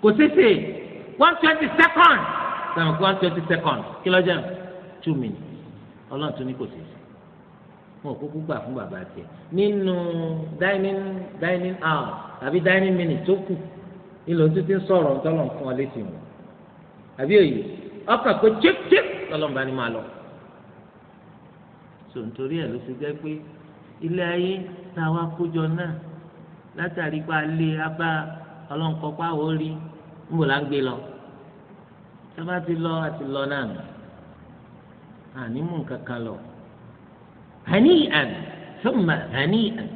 kò ṣèṣe one twenty seconds sẹ́wọ̀n kí one twenty seconds kí lọ́jọ́ yẹn two minutes ọlọ́run tún ní kò sí sí wọn ò kúkú gbà fún bàbá tiẹ̀ nínú dining dining hour àbí dining minute tó kù ilẹ̀ ojú ti ń sọ̀rọ̀ ọ̀tọ́lọ̀ fún ọ létí wọn àbí òye ọkàn pé chíkchík lọ́lọ́run bá ní máa lọ. sò nítorí ẹ̀ ló fi jẹ́ pé ilé ayé tá a wá kójọ náà látàrí pa lé abá ọlọ́nkọ́pá orí ń bò lá lọ tá a bá ti lọ àti lọ náà nù àní mú nǹkan kan lọ hani'an thumma hani'an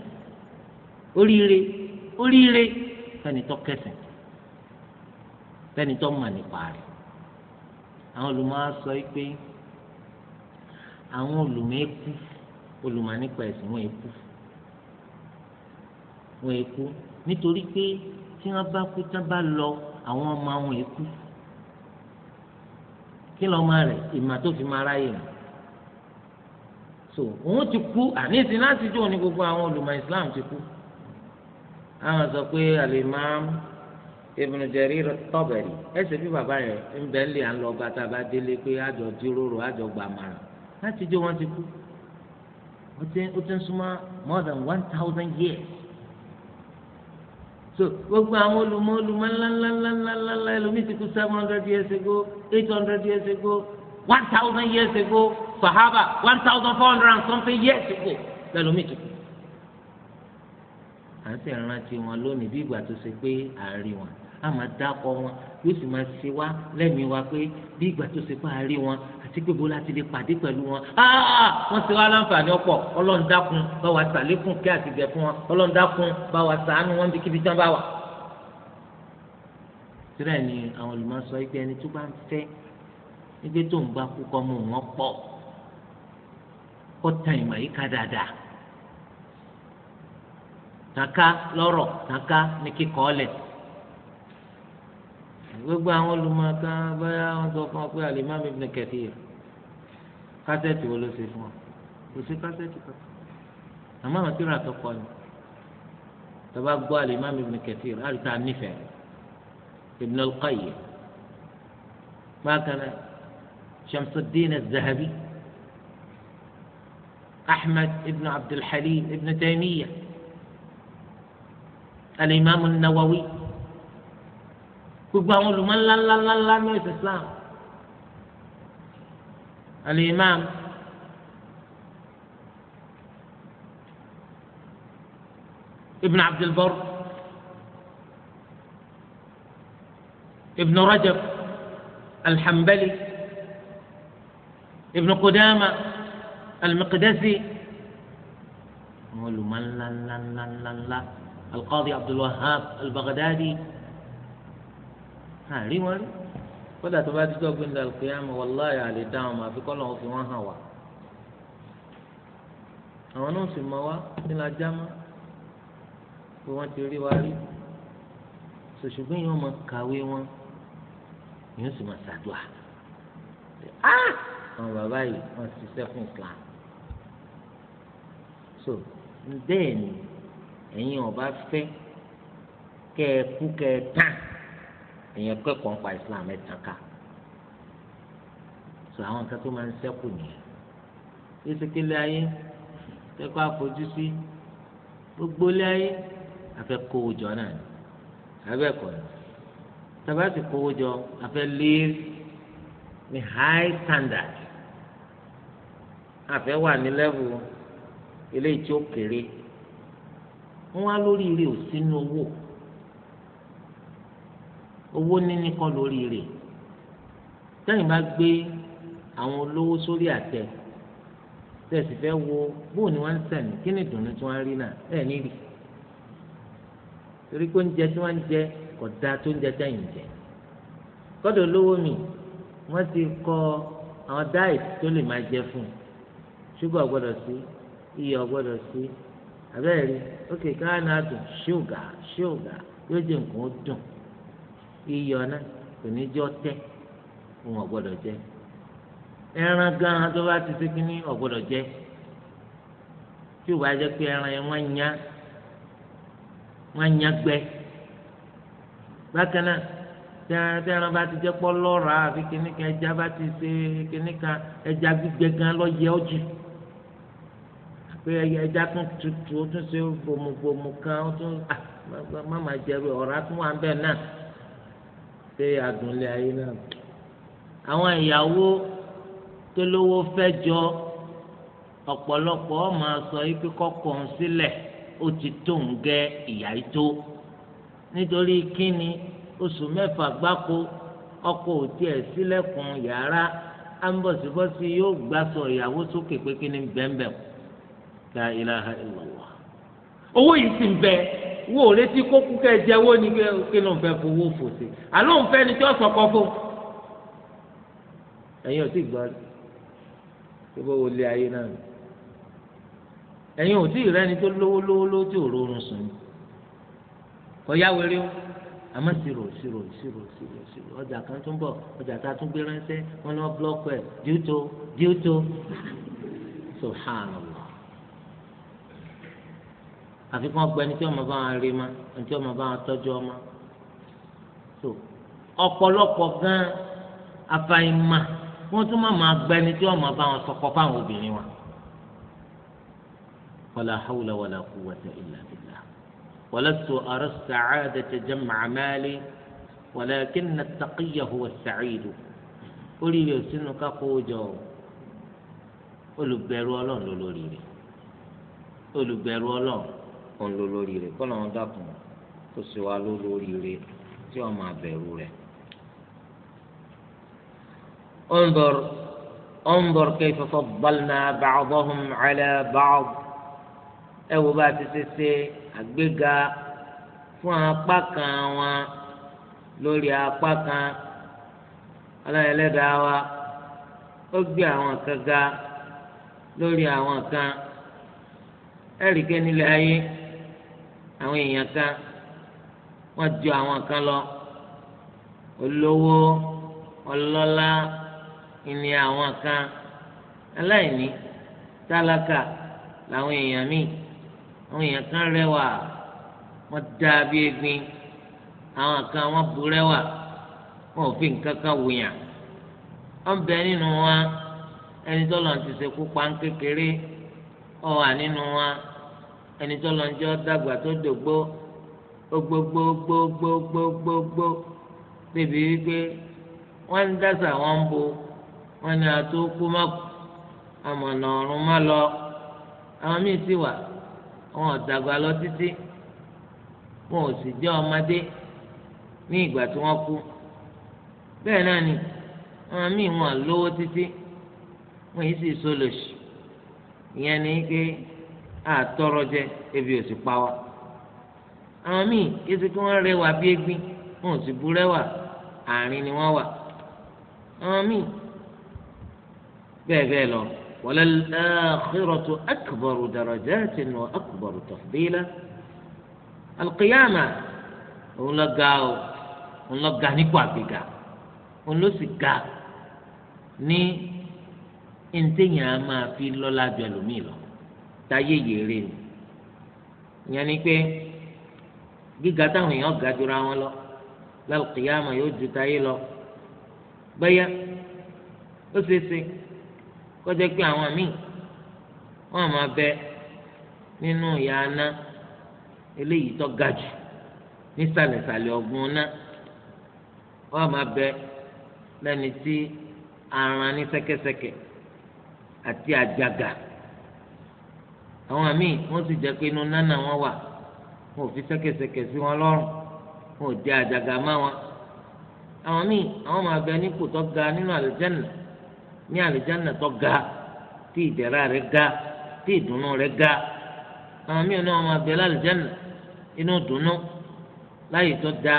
oríire oríire fẹ́ni tó kẹsìn fẹ́ni tó mọ̀ nípa rẹ̀ àwọn olùmọ̀ á sọ pé àwọn olùmọ̀ ekú olùmọ̀ nípa ẹ̀sìn wọn ekú wọn ekú nítorí pé tí wọ́n bá kú tán bá lọ àwọn ọmọ àwọn ekú. kí lọ máa rẹ̀ ìmà tó fi máa ráyè rẹ̀ so òun ti kú àníṣe láti jọ ní gbogbo àwọn olùmọ̀ Islam ti kú àwọn sọ pé alimam Ibn Jarir Tabari ẹsẹ bí bàbá yẹn ń bẹ lè à ń lọ bàtà bá délé pé àjọ jíròrò àjọ gbàmàrà láti jọ wọn ti kú ó ti ń súnmọ́ more than one thousand years. so gbogbo àwọn olùmọ̀ olùmọ̀ ńláńláńláńláńlá ẹlòmíì ti kú seven hundred years ago eight hundred years ago one thousand years ago sahaba one thousand four hundred and something years ago ẹlòmíì ti kú. à ń sì rántí wọn lónìí bí ìgbà tó ṣe pé à wọn á máa dákọ wọn yóò sì máa ṣe wá lẹ́mìí wa pé bí ìgbà tó ṣe parí wọn àti pé bó láti lè pàdé pẹ̀lú wọn wọ́n ṣe wá láǹfààní ọ̀pọ̀ ọlọ́run dákun bá wa ṣàlékún kí àti gẹ̀ fún wọn ọlọ́run dákun bá wa ṣàánú wọn bí kíbi tán bá wà. sílẹ̀ ni àwọn olùmọ̀ sọ pé ẹni tó bá ń fẹ́ nígbà tó ń bá kú kọ́ mọ́ wọn pọ̀ kó tan ìmọ̀ yìí ká dáadáa tàka lọ́rọ̀ tàka ní kíkọ́ ọ̀lẹ̀ gbogbo àwọn olùmọ̀ọ́ká báyà wọ́n sọ fún ọ pé mi alimam kẹtì Kathir kásẹ̀tì wo ló ṣe fún ọ kò sí kásẹ̀tì kan àmọ́ àwọn tíra tó kọ ni tó bá gbọ́ mi alimam ibn Kathir àrùtà nífẹ̀ẹ́ ibn al-Qayyim bákan náà Shamsuddin az-Zahabi ahmed ibn عبد ibn ابن alimami nawawi. gbogbo àwọn olùmọ̀ ńláńláńláńlá ní ẹ̀sìn islam al-imam ibn abdul ibn rajab alhambali ibn kudama al-miqdisi àwọn olùmọ̀ ńláńláńláńláńlá al-qadi abdul wahhab al-baghdadi. Al àrí wọn rí kódà tó bá ti tọ́ gbé ní alùpùpù wàláyà àlè dá wọn mà àfikọ́ lọ́wọ́ fi wọ́n hàn wá àwọn náà sì mọ wá ní la já mọ́ pé wọ́n ti rí wa rí sòṣùgbọ́n yìí wọ́n máa kàwé wọn yìí wọ́n sì máa ṣàdúà ah! àwọn bàbá yìí wọ́n ṣiṣẹ́ fún Islam so bẹ́ẹ̀ ni ẹ̀yin ọba fẹ́ kẹ́ ẹ kú kẹ́ ẹ tán èèyàn kẹ́kọ̀ọ́ ń pa islam ẹ̀ tàn ká sọ àwọn nǹkan tó máa ń ṣẹ́kù nìyẹn ìsìnkìlẹ̀ ayé tẹ́kọ̀ àfojú sí gbogbo ilé ayé afẹ́ kówó jọ náà ni abẹ́ẹ̀kọ́ ni tabasi kówó jọ afẹ́ live ní high standard afẹ́ wà ní level eléyìí tí ó kéré wọ́n wá lórí ilé òsínú owó owó níní kọ́ lórí rẹ̀ tẹ́yìn bá gbé àwọn olówó sórí àtẹ tẹ̀sí fẹ́ wo bóun ni wọ́n ń sẹ̀mí kí ni ìdùnnú tí wọ́n rí náà ẹ̀ ní rí torí pé oúnjẹ tí wọ́n ń jẹ kò dáa tó oúnjẹ tẹ̀yìn jẹ kọ́dọ̀ olówó mi wọ́n ti kọ́ àwọn dáìtì tó lè máa jẹ fún un ṣúgà gbọ́dọ̀ sí iyọ̀ gbọ́dọ̀ sí abẹ́rẹ́ ókè káwọn náà dùn ṣúgà ṣúgà yóò jẹ nǹkan ó dùn iyọ̀ náà kò ní jẹ́ ọtẹ́ òun ọ̀gbọ́dọ̀ jẹ ẹran gan tó bá ti ṣe kínní ọ̀gbọ́dọ̀ jẹ tí ò bá jẹ́ pé ẹran yẹn wọ́n nyá wọ́n nyá gbẹ bákan náà tí ẹran bá ti jẹ́ pọ́ lọ́ra àfi kínní kan ẹja bá ti ṣe kínní kan ẹja gbígbẹ gan lọ yẹ ọ́ jù pé ẹja tún tutù ó tún ṣe gbòmùgbòmù kan ó tún ah, má má jẹ ọ̀rá tún wà ń bẹ̀ náà ṣé adùnlé ayé náà àwọn ìyàwó tó lówó fẹ́ jọ ọ̀pọ̀lọpọ̀ máa sọ ipe kọ́kọ́ ń sílẹ̀ ó ti tó ń gẹ ìyá yìí tó nítorí kíni oṣù mẹ́fà gbáko ọkọ ò tiẹ̀ sílẹ̀kùn yàrá ambọ̀sibọ́sí yóò gbàsọ ìyàwó sókè pé kíni bẹ́ẹ̀ bẹ́ẹ̀ la ilaha illallah owó yìí sì ń bẹ́ẹ̀ wò ó létí kó kú kẹ́ ẹ jẹ́wọ́ ni kí ló ń fẹ́ fowó fòsè àló ń fẹ́ ni tí ó sọ̀kọ́ fún ẹ̀yin ò tí ì gbọ́ tó bó wọlé ayé náà ni ẹ̀yin ò tí ì rẹ́ni tó lówó lówó lówó tí ò rọrùn sùn ni kọ́yá wẹ̀rẹ́ o àmọ́ sírò sírò sírò sírò sírò ọjà kan tún bọ̀ ọjà tá a tún gbé ránṣẹ́ wọn ni wọ́n búlọ́ọ̀kù ẹ̀ díútó díútó subhanallah àfi kí wọ́n gba ẹni tí wọ́n máa bá wọn rí ma ẹni tí wọ́n máa bá wọn tọ́jú ọmọ so ọ̀pọ̀lọpọ̀ gan afáìmà wọ́n tún máa máa gba ẹni tí wọ́n máa bá wọn sọkọ fáwọn obìnrin wa wala hawla wala quwwata illa billah walastu ara sa'adata jam'a mali walakin at-taqiyya huwa as oríire òsínú ká jọ olùbẹ̀rù ọlọ́run lórí rẹ̀ olùbẹ̀rù ọlọ́run òun ló lórí rẹ̀ kọ́ lọ́wọ́n dàkùn tó sì wá ló lórí rẹ̀ tí wọ́n máa bẹ̀rù rẹ̀. انظر انظر كيف فضلنا بعضهم على بعض ẹ wo bá ti ṣe ṣe àgbéga fún apá kan wọn lórí apá kan aláìlẹ́dàá wa ó gbé àwọn kan ga lórí àwọn kan ẹ̀ríkẹ́ nílẹ̀ ayé àwọn èèyàn kan wọ́n ju àwọn kan lọ olówó ọlọ́lá ìní àwọn kan aláìní tálákà làwọn èèyàn míì àwọn èèyàn kan rẹwà wọ́n dáa bí egbin àwọn kan wọ́n bu rẹwà wọn ò fi nǹkan kan wòyàn wọn bẹ nínú wa ẹni tó lọ́n ti ṣe pa ń kékeré ọ wà nínú wa ẹni tó lọ ń jọ dàgbà tó dògbó gbogbogbogbogbogbogbò bèbí wípé wọ́n ń dàsà wọ́n ń bo wọ́n ní ató kú má kú àmọ̀nà ọ̀run má lọ àwọn míì sì wà wọn ò dàgbà lọ títí wọn ò sì jẹ́ ọmọdé ní ìgbà tí wọ́n kú bẹ́ẹ̀ náà ni àwọn míì wọn lówó títí wọn yìí sì sólòṣì ìyẹn ni pé àtọrọ jẹ ebi ò sì pa wá àwọn míì kéde kí wọ́n rẹwà bí egbin wọn ò sì burẹ́wà àárín ni wọ́n wà àwọn míì bẹ́ẹ̀ bẹ́ẹ̀ lọ وللآخرة أكبر درجات وأكبر تفضيلا القيامة òun lọ ga o òun lọ ga nípò àgbéga òun ló sì ga ní ntẹ̀yìn a fi lọ́la ju ẹlòmíì lọ. táyé yèrè ni ìyẹn ni pé gíga táwọn èèyàn ga jura wọn lọ lálùkìyàmọ yóò ju táyé lọ bẹ́yà ó ṣeé ṣe kọjá pé àwọn míì wọn máa bẹ nínú ìyá aná eléyìí tó ga jù nísàlẹ̀sàlẹ̀ ọ̀gbun náà wọn máa bẹ lẹ́ni tí aràn ní sẹ́kẹ́sẹ́kẹ́ àti àjàgà. àwọn míì wọ́n sì jẹ́ pé inú nánà wọn wà wọn ò fi ṣẹ́kẹ̀ṣẹ̀kẹ̀ sí wọn lọ́rùn wọn ò di àjàgà má wọn àwọn míì àwọn máa bẹ nípò tó ga nínú àlùjánnà ní àlùjánnà tó ga tí ìdẹ̀ra rẹ̀ ga tí ìdùnnú rẹ̀ ga àwọn míì náà máa bẹ lálùjánnà inú dùnnú láyé tó da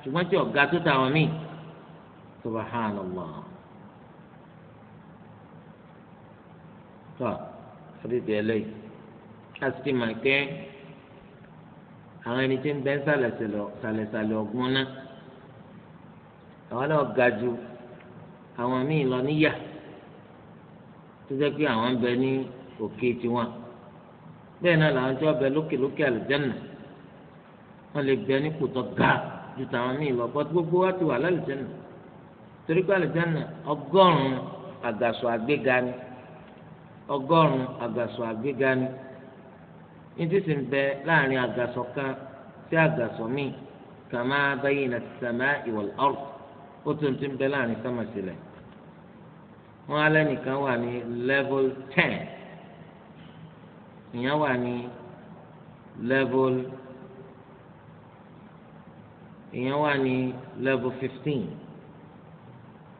ṣùgbọ́n tí ọ̀gá tó ta àwọn míì subhanallah. tó àdìdì ẹlẹ́yìí kásìtì máa kẹ́ àwọn ẹni tí ń bẹ́ sàlẹ̀sàlẹ̀ ọ̀gbọ́n náà àwọn náà ga ju àwọn míì lọ níyà tó jẹ́ pé àwọn ń bẹ ní òkè tiwọn bẹ́ẹ̀ náà làwọn tí wọ́n bẹ lókè lókè àlùjẹ́nà wọ́n lè bẹ ní kòtò ga ju tàwọn míì lọ bọ́tú gbogbo wa ti wà lálùjẹ́nà torí pé àlùjẹ́nà ọgọ́rùn-ún àgàsọ ni ọgọ́rùn-ún àgàsọ ni nítorí sì ń bẹ láàrin àgàsọ kan sí àgàsọ míì kàmá bayna as-samaa'i wal-ard ó tún ti ń bẹ láàrin sámà sílẹ̀ wọn alẹ́ nìkan wà ní level ten ìyẹn wà ní level ìyẹn wà ní level fifteen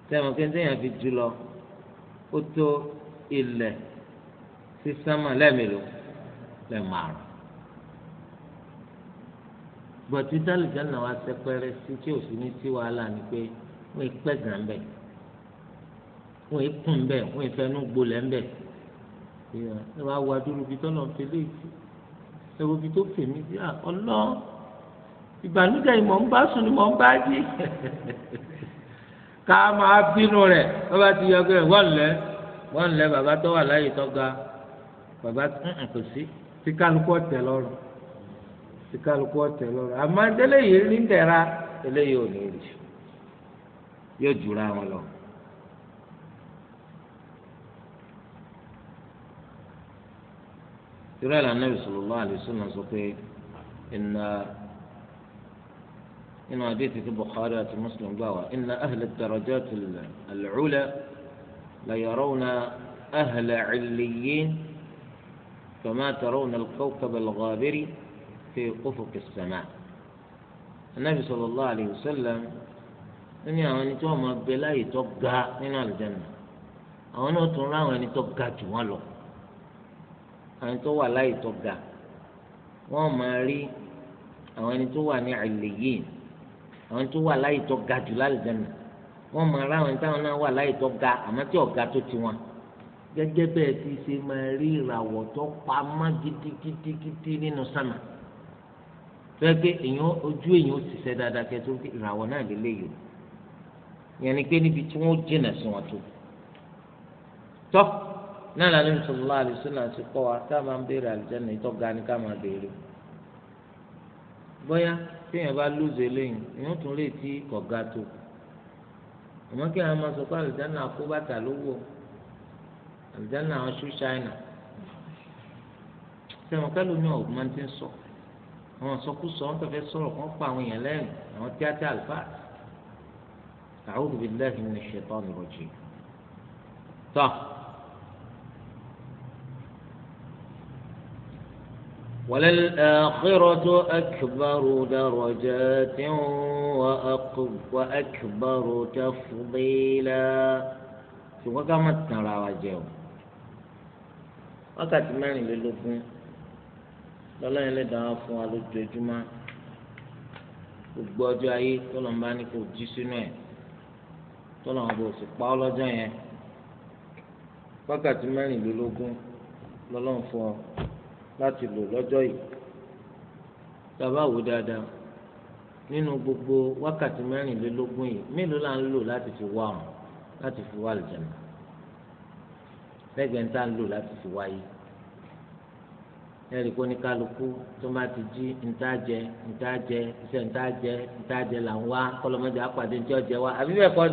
tẹ́wọ̀n kéńté yẹn fi jù lọ ó tó ilẹ̀ sí sámà lẹ́ẹ̀mélòó lẹ́ẹ̀márùn gbọ̀tí tálíjánà wa sẹpẹrẹ sí tí ò sí ní tí wàhálà ni pé wọ́n ń pẹ́ gàn bẹ́ẹ̀ wọ́n ń kùn bẹ́ẹ̀ wọ́n ń fẹnu gbolẹ̀ bẹ́ẹ̀ ẹ wá wá dúró bí tọ́lọ̀ ń fẹlẹ́ ìtì ẹ wo bí tó fèmí sí ah, ọlọ́ ìbànújẹ́ ìmọ̀ ń bá sùn ni mọ̀ ń bá jí ká máa bínú rẹ̀ bàbá ti yọ pé wọ́n lẹ́ wọ́n lẹ́ bàbá tó wà láyé tó ga bàbá kò sí. tí kálukú ọ̀tẹ̀ lọ́rùn tí kálukú ọ̀tẹ̀ lọ́rùn àmọ́ eléyìí rí ń tẹ̀ra eléyìí ò ní rí yóò jùra wọn lọ. ìrẹ́ ìlànà ìṣòlùmọ́ àlùsùn náà sọ pé ìnà إن حديث في البخاري ومسلم قال إن أهل الدرجات العلى ليرون أهل عليين كما ترون الكوكب الغابر في أفق السماء النبي صلى الله عليه وسلم ní àwọn ẹni tí wọn máa bẹ láàyè tó ga nínú àlùjáná àwọn náà tún ráwọn ẹni tó ga jù wọn lọ àwọn ẹni tó wà láàyè tó ga wọn máa rí àwọn ẹni tó wà ní àlèyé àwọn tó wà láàyè tó ga jù lálùjáná wọn máa ráwọn ẹni táwọn náà wà láàyè tó ga àmọ́ tí ọ̀gá tó ti wọn gẹ́gẹ́ bẹ́ẹ̀ ti ṣe máa rí ìràwọ̀ tó pamọ́ gidigidigidi nínú sánmà fẹ́ pé èèyàn ojú èèyàn ó ṣiṣẹ́ dáadáa kẹtó ìràwọ̀ náà lélẹ̀ yìí yẹn ni pé níbi tí wọ́n jìnà sí wọn tó tọ́ náà lànà ìṣòwòlá àlùsọ́nà ti kọ́ wa tá a máa ń béèrè àlùjáná ìtọ́ ga ni ká máa béèrè bóyá téèyàn bá lóòzè lẹ́yìn èèyàn tún lè ti kọ̀ ga tó àmọ́ kí máa sọ pé àlùjáná àkóbàtà ló wọ̀ àlùjáná àwọn ṣú ṣáínà wọn kẹ́lò ní ọ̀gbọ́n máa ti ń sọ àwọn sọkúsọ wọn fẹ́fẹ́ sọ̀rọ̀ kàn pa àwọn èèyàn lẹ́yìn àwọn tíátá àlùfáà a'udhu billahi minash shaitani rajim tọ́ وللآخرة أكبر درجات وأكبر تفضيلا شو كما تنرى وجهه wákàtí mẹ́rìnlélógún lọ́lọ́yìn lè dáná fún wa lójoojúmọ́ gbogbo ọjọ́ ayé tọ́lọ̀ ń bá ní kò jí sínú ẹ̀ tọ́lọ̀ ń bò sí pa ọ́ lọ́jọ́ yẹn wákàtí mẹ́rìnlélógún lọ́lọ́run fún ọ láti lò lọ́jọ́ yìí bàbá wò dáadáa nínú gbogbo wákàtí mẹ́rìnlélógún yìí mélòó là ń lò láti fi wá ọ̀hún láti fi wá àlùjànnà lẹ́gbẹ̀ẹ́ ń tà ń lò láti fi wáyé ẹ̀rí kó ní kálukú tó bá ti jí ntá jẹ ntá jẹ iṣẹ́ ntá jẹ ntá jẹ là ń wá kọlọ́mọdé apàdé ntí ọ̀jẹ wá àbí bẹ́ẹ̀ kọ́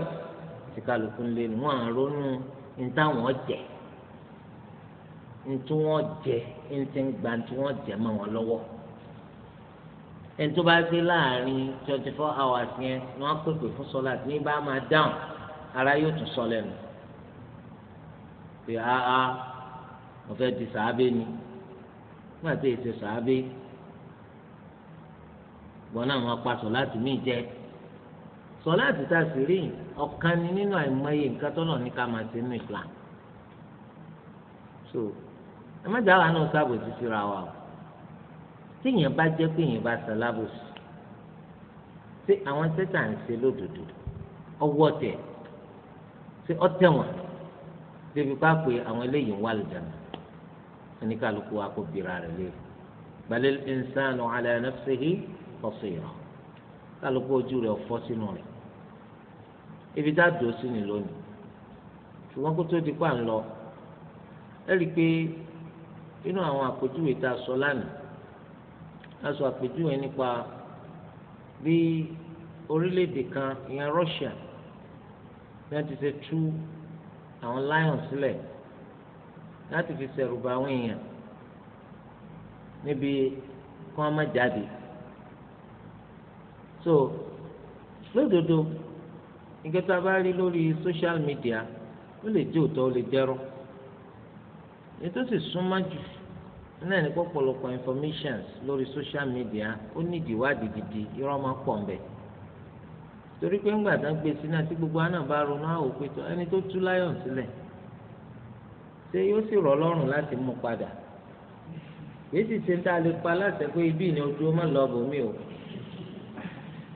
ti kálukú ń lé wọn à ń wọn jẹ ntí wọn jẹ ntí gba ntí wọn jẹ mọ́ wọn lọ́wọ́ ẹnitó bá gbé láàrin twenty four hours yẹn ni wọ́n pèpè fún sọlá ní bá máa dáhùn ara yóò tún sọ lẹ́nu pé áá mo fẹ́ di sàábé ni nígbà tí èsì sàábé wọn náà wọn pa sọláàtì míì jẹ sọláàtì tá a sì rí ọ̀kan ni nínú àìmọye nǹkan tọ́lọ̀ ní ká máa ṣe nínú Islam so ẹ má dáhà náà sábò títí ra wa o tíyẹn bá jẹ́ pé yẹn bá ṣalábòsì ṣé àwọn tẹ́tà ń ṣe lódodo ọwọ́ tẹ̀ ṣé ọtẹ wọn débi ká pé àwọn eléyìí ń wà lùdàmà oníkàlùkù wa kò bìrà rẹ̀ lé balil insanu ala nafsihi basira kálukú ojú rẹ̀ fọ́ sínú rẹ̀ ibi tá a dùn sí ni lónìí ṣùgbọ́n kó tó di pa ń lọ ẹ rí i pé inú àwọn àpèjúwe tá a sọ lánàá a sọ àpèjúwe nípa bí orílẹ̀-èdè kan ìyẹn Russia bí wọ́n ti ṣe tú àwọn lion sílẹ̀ láti fi ṣẹ̀rùbà àwọn èèyàn níbi kí wọ́n má jáde so lódodo nígbà tá a bá rí lórí social media ó lè jẹ́ òótọ́ ó lè jẹ́rọ́ èyí tó sì súnmọ́ jù náà ní pọ̀pọ̀lọpọ̀ informations lórí social media ó nídìí wádìí gidi irọ́ máa pọ̀ ń bẹ́ẹ̀. torí pé ńgbà tá a gbé sí náà tí gbogbo àná bá ronú àwò pétọ ẹni tó tú láyọ̀ sílẹ̀ ṣé yóò sì rọ̀ lọ́rùn láti mú padà èsì ṣe ń tá a lè pa láṣẹ pé ibi ni ojú ọmọ lọ bò mí o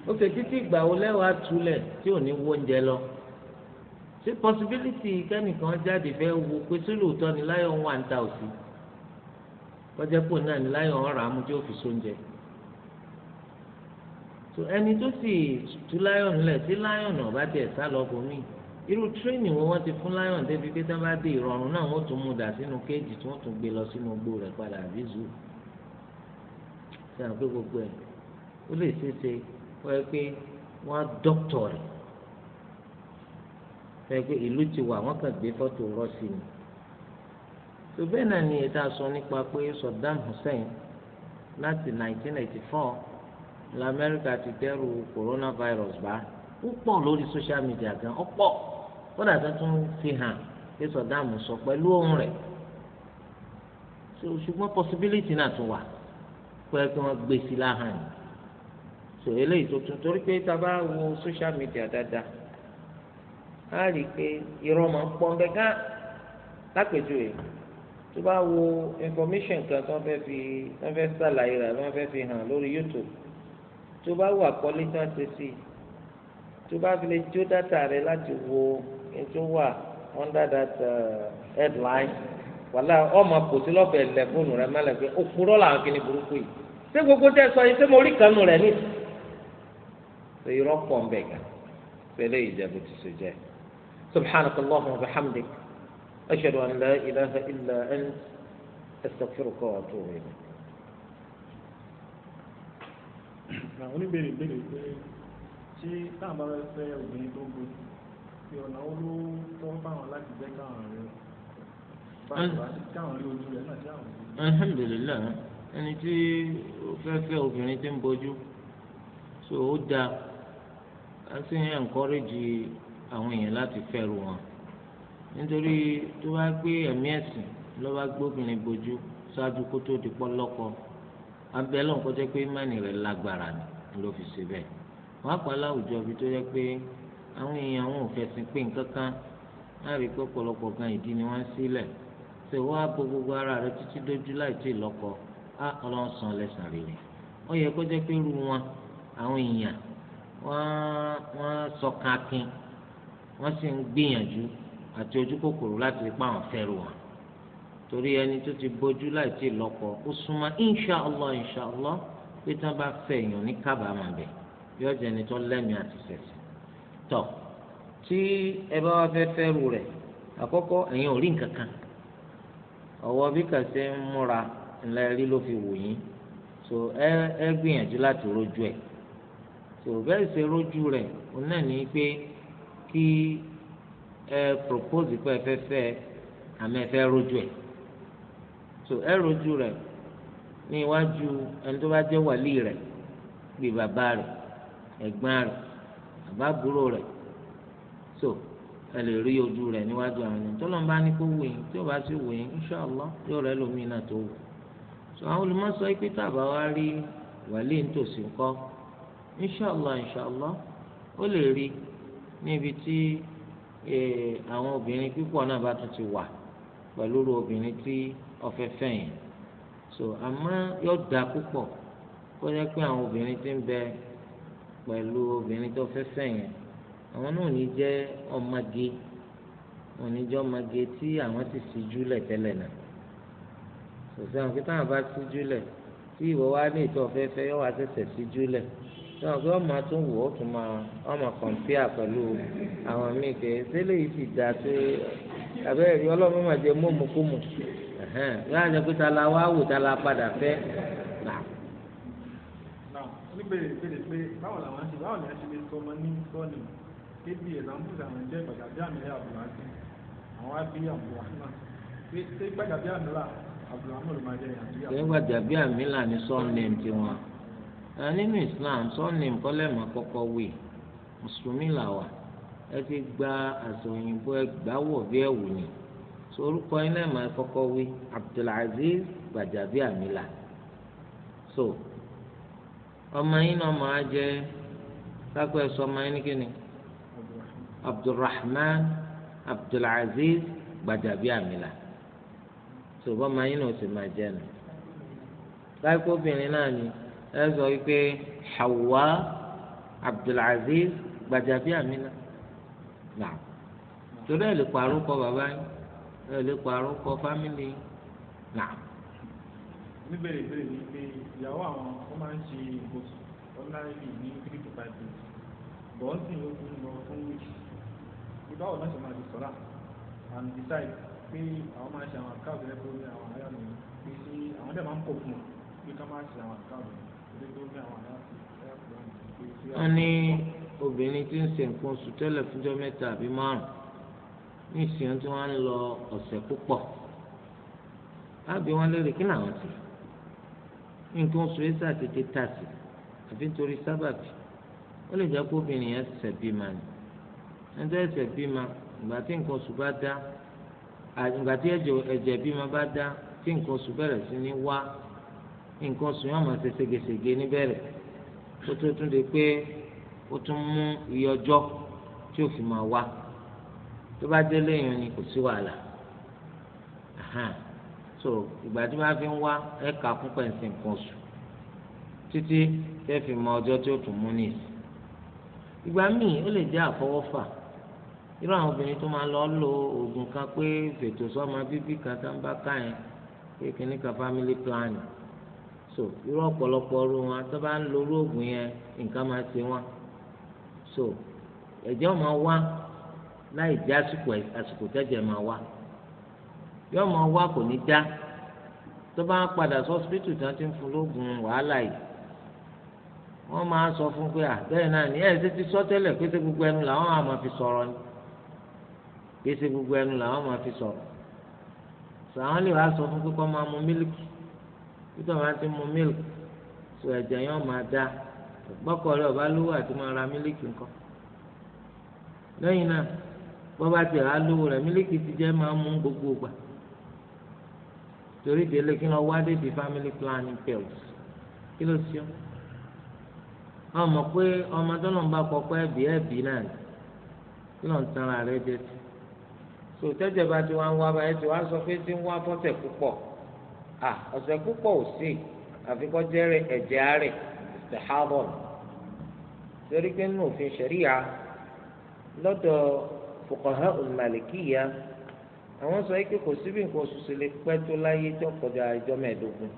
ó fẹ́ títí ìgbà wo lẹ́wàá túlẹ̀ tí ò ní wó oúnjẹ lọ ṣé possibility kẹ́nìkan jáde fẹ́ wo pé sólùtọ́ ni láyọ̀ ń wà ń ta òsì kọjá pò náà ni láyọ̀ ń rà á mú tí ó fi sóúnjẹ. So tó ẹni tó sì tú lion lẹ̀ tí lion ọ̀bá tiẹ̀ sá lọ bomi irú tírénì wo wọ́n ti fún lion débi pé sábà dé ìrọ̀rùn náà wọ́n tún mú dà sínú kéèjì tí wọ́n tún gbé lọ sínú igbó rẹ̀ padà àbí zoo sẹ́yìn pé gbogbo ẹ̀ ó lè ṣeéṣe wọ́n yẹ pé wọ́n á dọ́kítọ̀ rẹ̀ fẹ́ẹ́ pé ìlú ti wà wọ́n kàn gbé fọ́tò rọ́ọ̀sì ni tó bẹ́ẹ̀ náà ni ètò àsọ nípa pé Saddam Hussein láti 1984 lamẹ́ríkà ti dẹ́rù coronavirus bá ó pọ̀ lórí social media gan ó pọ̀ kódà tó tún fi hàn pé sọ̀dáàmù sọ pẹ̀lú ohun rẹ̀ ṣùgbọ́n possibility náà tún wà pé kí wọ́n gbé sí láhàn yìí so eléyìí tó torí pé tá wo social media dáadáa á rí i pé irọ́ máa ń pọ́n bẹ́ẹ̀ gán lápèjúwe tó bá wo information kan tó ń fẹ́ fi tó ń fẹ́ ṣàlàyé rẹ̀ ló ń fẹ́ fi hàn lórí YouTube tó bá wà kọ́lé tí wọ́n ti sí tó bá fi lè jó dátà rẹ láti wo ètò wà under that uh, headline wàhálà ọmọ kòtí lọ́fẹ̀ẹ́ lẹ̀ fóònù rẹ mẹ́lẹ̀ pé ó kúrọ́ làwọn kìíní burúkú yìí ṣé gbogbo tẹ sọ yìí ṣé mo rí kanú rẹ ní. ṣe irọ́ pọ̀ ń bẹ̀ gan pẹ̀lẹ́ ìjẹ́bù ti ṣe jẹ́ subhanak allahumma wa bihamdik ashhadu an la ilaha illa ant astaghfiruka wa atubu ilayk oníbèrè béèrè pé tí táwọn bá fẹ́ obìnrin tó gbòdì pé ọ̀nà ó ló tọ́ fáwọn láti jẹ́ káwọn rẹ̀ káwọn rí ojú rẹ̀ náà jáwọn. alhamdulilayi ẹni tí ó fẹ́ fẹ́ obìnrin tí ń bójú so ó dáa á sì ń ẹ̀ńkọ́rẹ́jì àwọn èèyàn láti fẹ́ru wọn nítorí tó bá gbé ẹ̀mí ẹ̀sìn ló bá gbóbìnrin bójú ṣáájú kó tó di pọ́ abẹ́ lọ́n kọjá pé mẹ́ni rẹ̀ lágbára ni ló fi ṣe bẹ́ẹ̀ wọ́n á pa láwùjọ ibi tó yẹ pé àwọn èèyàn àwọn òfẹsìn pé nǹkan kan á rí pé ọ̀pọ̀lọpọ̀ kan ìdí ni wọ́n sílẹ̀ ṣe wọ́n á bo gbogbo ara rẹ̀ títí dójú láì tí ì lọ́kọ á ọlọ́run san lẹ́sàn rere ó yẹ kọjá pé irú wọn àwọn èèyàn wọ́n sọ kankin wọ́n sì ń gbìyànjú àti ojú kòkòrò láti rí pé àwọn fẹ́rù wọn torí ẹni tó ti bójú láì tí ì lọ́kọ ó súnmọ́ inṣàlá inṣàlá pé tí wọ́n bá fẹ́ èèyàn ní kábàámà bẹ̀ yóò jẹ́ ẹni tó lẹ́mìí àti sẹ̀sẹ̀ tọ̀ tí ẹ bá wá fẹ́ fẹ́rù rẹ̀ àkọ́kọ́ ẹ̀yin ò rí nǹkan kan ọ̀wọ́ bí kàṣẹ ń múra ńlá rí ló fi wò yín so ẹ ẹ gbìyànjú láti rojú ẹ̀ so bẹ́ẹ̀ ṣe rojú rẹ̀ òun náà ní pé kí ẹ propose pé ẹ fẹ́ fẹ́ àmì ẹ fẹ́ rojú ẹ̀ so ẹ rojú rẹ̀ ní iwájú ẹni tó bá jẹ́ wàlí rẹ̀ bíi bàbá rẹ̀ ẹ̀gbọ́n rẹ̀ bàbá àbúrò rẹ̀ so ẹ lè rí ojú rẹ̀ níwájú àwọn ènìyàn tó lọ́n bá ní kó wò yín tí ó bá sì wò yín inṣàlá yóò rẹ̀ lómi náà tó wò so àwọn olùmọ̀sọ pé tàbá wá rí wàlí nítòsí ńkọ́ inṣàlá inṣàlá ó lè rí níbi tí eh, àwọn obìnrin púpọ̀ náà bá tún ti wà pẹ̀lú obìnrin tí ọ̀fẹ́ fẹ̀yìn so àmọ́ yóò da púpọ̀ kó jẹ́ pé àwọn obìnrin ti ń bẹ pẹ̀lú obìnrin tó fẹ́ fẹ̀yìn àwọn náà ní jẹ́ ọmọge òní jẹ́ ọmọge tí àwọn ti ṣíjú lẹ̀ tẹ́lẹ̀ náà sọ̀sẹ́ wọn kí táwọn bá ṣíjú lẹ̀ tí ìwọ wá ní ìtọ́ fẹ́fẹ́ yóò wá tẹ̀sẹ̀ ṣíjú lẹ̀ náà pé ọmọ tó wù ó tún máa ọmọ kọ̀ǹpíà pẹ̀lú àwọn míì pé sílẹ̀ yìí sì dáa pé àbẹ́rẹ́ ọlọ́run máa jẹ mọ́mùkúmù yóò àjẹ pé tala wá wò tala padà fẹ́ nà. oníbèrè ìbéèrè pé báwo làwọn ṣe báwo ni a ṣe lè sọ ọmọ ní sọ́ọ̀nì kébì ẹ̀sánpù làwọn jẹ́ gbàgbé àmì àbùràsì àwọn àbí àbùràsìmà pé ṣé gbàgbé àmì là àbùràmù ló máa jẹ àbí àbùràsì. ṣé gbàgbé àmì nínú Islam sọ́ọ̀nì kọ́lẹ́mọ̀ kọ́kọ́ wì mùsùlùmí làwà ẹ ti gba àṣọ òyìnbó ẹgbàáwọ̀ bí ẹ̀wù ni so orúkọ yín náà máa kọ́kọ́ wí Abdulaziz Gbajabiamila so ọmọ yín náà máa jẹ sákò ẹ̀sọ́ ọmọ yín ní kíni Abdulrahman Abdulaziz Gbajabiamila so bọ́mọ yín náà sì máa jẹ nù sákò obìnrin náà ni ẹ sọ wípé Hawa Abdulaziz Gbajabiamila náà torí ẹ̀ lè pàrọ̀ kọ bàbá yín ẹ lè pààrọ̀ kọ fámìlì náà. níbẹ̀rẹ̀ ìbéèrè ni pé ìyàwó àwọn ó máa ń ṣe ìbòsù ordinarily ní three to five days bọ́ọ̀ sì ló ń lọ fún wíìkì ìbáwò náà ṣe máa di sọ́lá and decide pé àwọn máa ṣe àwọn àkáàbò rẹ tó ní àwọn ará mi pé ṣé àwọn dẹ̀ máa ń pọ̀ fún un pé ká máa ṣe àwọn àkáàbò rẹ tó ní àwọn ará mi wọ́n ní obìnrin tí ń ṣe nǹkan oṣù tẹ́lẹ̀ fúnjọ́ mẹ́ta àbí márùn-ún níṣìyàn tí wọ́n ń lọ ọ̀sẹ̀ púpọ̀ àbí wọ́n lérè kí làwọn ti nǹkan oṣù ẹ̀sà tètè tà sí àfi nítorí sábàbí ó lè jẹ́ kóbìnrin yẹn ṣẹ̀ṣẹ̀ bímọ ni bímọ ìgbà tí nǹkan oṣù bá dá ìgbà tí ẹ̀jẹ̀ bímọ bá dá tí nǹkan oṣù sí wá nǹkan pé ó tún mú iye tí ó tó bá dé lẹ́yìn ni kò sí wàhálà so ìgbà tí wọ́n fi ń wá ẹ̀ka púpọ̀ ẹ̀sìn nǹkan oṣù títí tẹ́ fi mọ ọjọ́ tí ó tún mú nìyí ìgbà míì ó lè jẹ́ àfọwọ́fà irú àwọn obìnrin tó máa lọ lo oògùn kan pé fètò sọ́mọ bíbí kan tá ń bá ká yẹn pé kìíní kan family planning so irú ọ̀pọ̀lọpọ̀ ọrú wọn tó bá ń lo irú oògùn yẹn nǹkan máa ṣe wọn so ẹ̀jẹ̀ ọ̀ máa wá láì jẹ́ àsìkò àsìkò tẹ́jẹ̀ máa wá yóò máa wá kò ní dá tó bá ń padà sọ hospital tí wọ́n ti ń fún lóògùn wàhálà yìí wọn máa sọ fún pé ti sọ tẹ́lẹ̀ gbogbo ẹnu làwọn fi sọ̀rọ̀ ni pese gbogbo ẹnu làwọn fi sọ̀rọ̀ sọ lè wá sọ fún pé kọ́ máa mu mílìkì títọ́ máa ti mu mílìkì sọ ẹ̀jẹ̀ yẹn máa dá gbọ́kọ̀ rẹ̀ ọ̀bá lówó ra mílìkì nǹkan lẹ́yìn wọ́n bá tiẹ̀ alówó rẹ̀ mílíkì ti jẹ́ máa mú gbogbo gbà torí délé kí lọ wádé di family planning pills kí ló ṣe ọ mọ̀ pé ọmọ tó lọ́n bá kọ́kọ́ ẹ̀bí ẹ̀bí náà kí lọ́n tan ara rẹ jẹ sí so tẹ́jẹ̀ bá ti wá ń wá báyìí tí wàá sọ pé tí ń wá fọ́sẹ̀ púpọ̀ à ọ̀sẹ̀ púpọ̀ ò sí àfikọ́ jẹ́rẹ̀ ẹ̀jẹ̀ àárẹ̀ ìṣèhábọ̀ torí pé nínú òfin ṣẹ̀ríyà lọ́dọ̀ fuqaha al-malikiyya àwọn sọ pé kò síbi nǹkan oṣù sílé pẹ́ tó láyé tó kọjá ìjọ mẹ́ẹ̀ẹ́dógún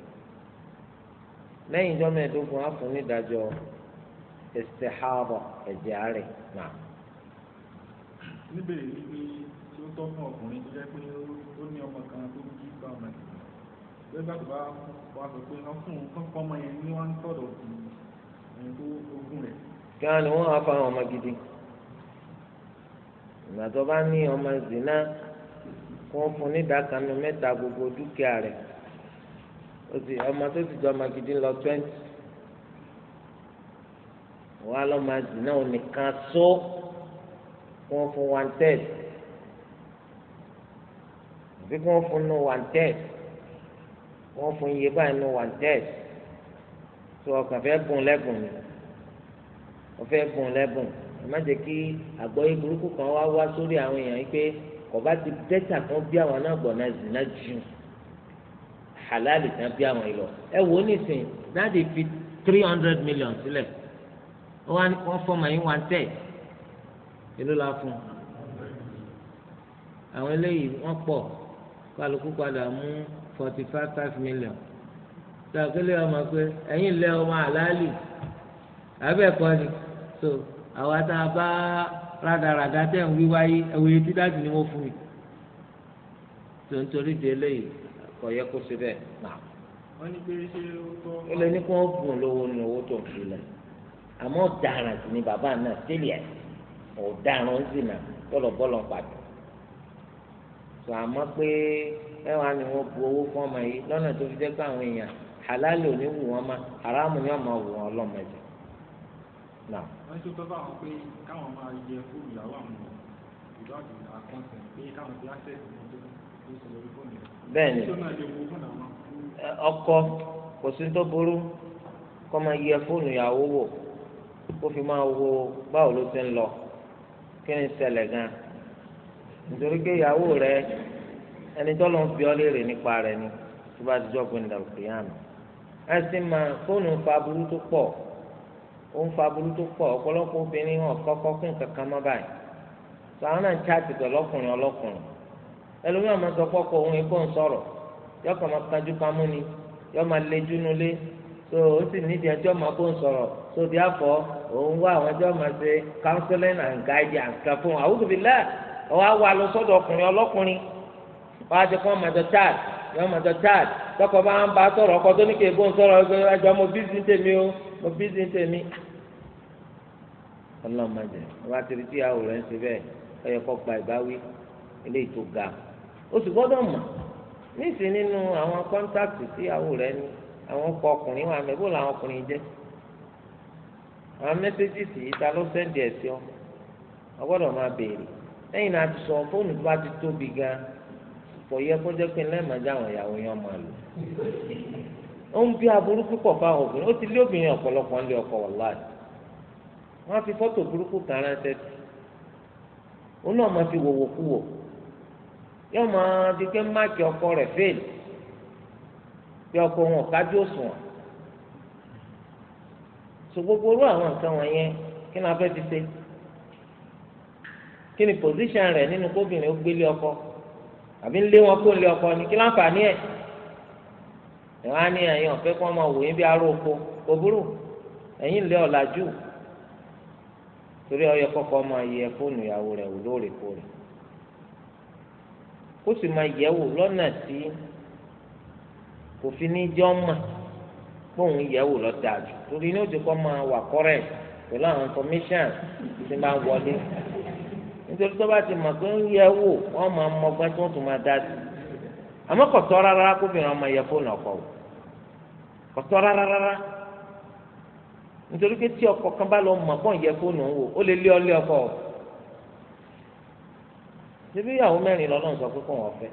lẹ́yìn ìjọ mẹ́ẹ̀ẹ́dógún á fún nídàájọ́ istihada ẹ̀jẹ̀ àárẹ̀ náà. níbẹ̀rẹ̀ yìí ni tí ó tọ́ fún ọkùnrin tó jẹ́ pé ó ní ọmọ kan tó ń jí bá ọmọ ẹ̀ lẹ́yìn bá tó bá wà sọ pé wọ́n fún un kán fọ́mọ yẹn ní wọ́n ń tọ̀dọ̀ ìgbà tó bá ní ọmọ zina kó fún nídàákanu mẹ́ta gbogbo dúkìá rẹ̀ ọmọ tó ti jọ ọmọ gidi lọ twenty wàá lọ máa zina onìkan só kó fún one third àbí kó fún no one third kó fún iye báyìí no one third tó ọkàn fẹ́ bùn lẹ́bùn ni ọfẹ́ bùn lẹ́bùn. So, ẹ má jẹ́ kí àgbọ́yé burúkú kan wá wá sórí àwọn èèyàn yìí pé kọba ti bẹ́tà kan bí àwọn náà gbọ̀nà zina jù halali kan bí àwọn yìí lọ ẹ wò ó nísìnyí láti fi three hundred million sílẹ̀ wọ́n fọmọ yín wá tẹ̀ èló la fún un àwọn eléyìí wọ́n pọ̀ kálukú padà mú forty five five million sàkéle ọmọ pé ẹ̀yin lẹ ọmọ àlálì abẹ́ẹ̀kọ́ ni so àwa tá a bá rádaràdá tẹ̀ ń wíwáyé ẹ̀wòye tí dájú ni wọ́n fún mi tó ń torí di eléyìí kò yẹ kó ṣe bẹ́ẹ̀ náà. wọ́n ní pé ṣé ó tọ́. ó lè ní kí wọ́n gùn lówó ní owó tó ń fi lẹ̀ àmọ́ ọ̀daràn sì ni bàbá náà tẹ́lẹ̀ ọ̀daràn ń sì náà bọ́lọ̀bọ́lọ̀ pàdé tó àmọ́ pé ẹwà ni wọ́n bu owó fún ọmọ yìí lọ́nà tó fi jẹ́ pé àwọn èèyàn halal ò ni wọ́n máa wù wọ́n tó tọ́ bá wọn pé káwọn máa yẹ fóònù ìyàwó àwọn ọmọ without our consent pé káwọn ti access ní tó tó ṣe lórí fóònù rẹ̀. bẹ́ẹ̀ni ọkọ kò sí tó burú kó máa yẹ fóònù ìyàwó wò kó fi máa wo báwo ló ti ń lọ kí ni ṣẹlẹ̀ gan-an nítorí pé ìyàwó rẹ ẹni tó lọ ń fi ọ léèrè nípa rẹ ni tó bá ti jọ́ pé ń dàrú kìí ẹ sì máa fóònù fa burú tó pọ̀. ó ń fa burú tó pọ̀ ọ̀pọ̀lọpọ̀ obìnrin hàn kọ́kọ́ fún kankan má báyìí tó àwọn náà ń chaàtì pẹ̀lú ọkùnrin ọlọ́kùnrin ẹlòmíràn máa sọ pọ́kọ òun ikú ń sọ̀rọ̀ yọ kàn máa pamọ́ ni o sì nídìí ẹjọ́ máa kó ń sọ̀rọ̀ tó di òun wá àwọn ẹjọ́ máa ṣe counseling and guidance tọkọ bá ń bá sọ̀rọ̀ ọkọ tó ní kí ebó ń sọ̀rọ̀ ẹjọ mo bísí ń tèmi o mo bísí ń tèmi. ọlọ́mọdé wá tiri tí àwọn rẹ̀ ń ṣe bẹ́ẹ̀ ẹ yẹ kó gba ìbáwí eléyìí tó ga o sì gbọ́dọ̀ mọ̀ níìsín nínú àwọn kọ́ńtàkì tí àwọn rẹ̀ ní àwọn ọkọ ọkùnrin wà mẹ́bó làwọn ọkùnrin jẹ́ àwọn mẹ́sẹ́jì sì yí ta ló sẹ́ndì ẹ̀ sí ọ ọgbọ́dọ̀ máa béèrè lẹ́yìn náà ti sọ fóònù tó bá ti tóbi gan-an kò yẹ kó jẹ́ pé lẹ́ẹ̀mọ́jà àwọn ìyàwó yẹn máa lò ó ń bí aburú púpọ̀ fáwọn obìnrin ó ti lé obìnrin ọ̀pọ̀lọpọ̀ ń lé ọkọ wàláì wọ́n fi fọ́tò burúkú kan ránṣẹ́ sí ó náà máa fi wòwò kú wò yóò máa di ọkọ rẹ̀ bí ọkọ wọn kájú so gbogbo orú àwọn nǹkan wọ̀nyẹn kí ni a fẹ́ ti ṣe kí ni pòsíṣàn rẹ̀ nínú kóbìnrin ó ọkọ. àbí ń lé wọn kó ń lé ọkọ ni kí láǹfààní ẹ̀ ẹ̀ wá ní ẹ̀yin ọ̀fẹ́ kí wọ́n máa wò yín bí aró oko kò burú ẹ̀yin lé ọ̀làjú torí ọyọ kọ́kọ́ máa yẹ fóònù ìyàwó rẹ̀ wò lóòrèkóòrè kó sì máa yẹ̀ wò lọ́nà tí kò fi ní jọ́ mà kóun yẹ̀ lọ́dà jù torí ní òjò kọ́ máa wà kọ́rẹ̀ pẹ̀lú àwọn information tí máa wọlé nítorí tó bá ti mọ̀ pé ń yẹ wò wọ́n máa mọ ọgbọ́n tó tún máa dá sí àmọ́ kò tọ́ rárá kóbìnrin ọmọ yẹ fóònù ọkọ wò kò tọ́ rárá rárá nítorí pé tí ọkọ kan bá lọ mọ̀ pọ́n yẹ fóònù wò ó lè lé ọ lé ọkọ wò síbí ìyàwó mẹ́rin lọ́lọ́run sọ pé kò wọ́n fẹ́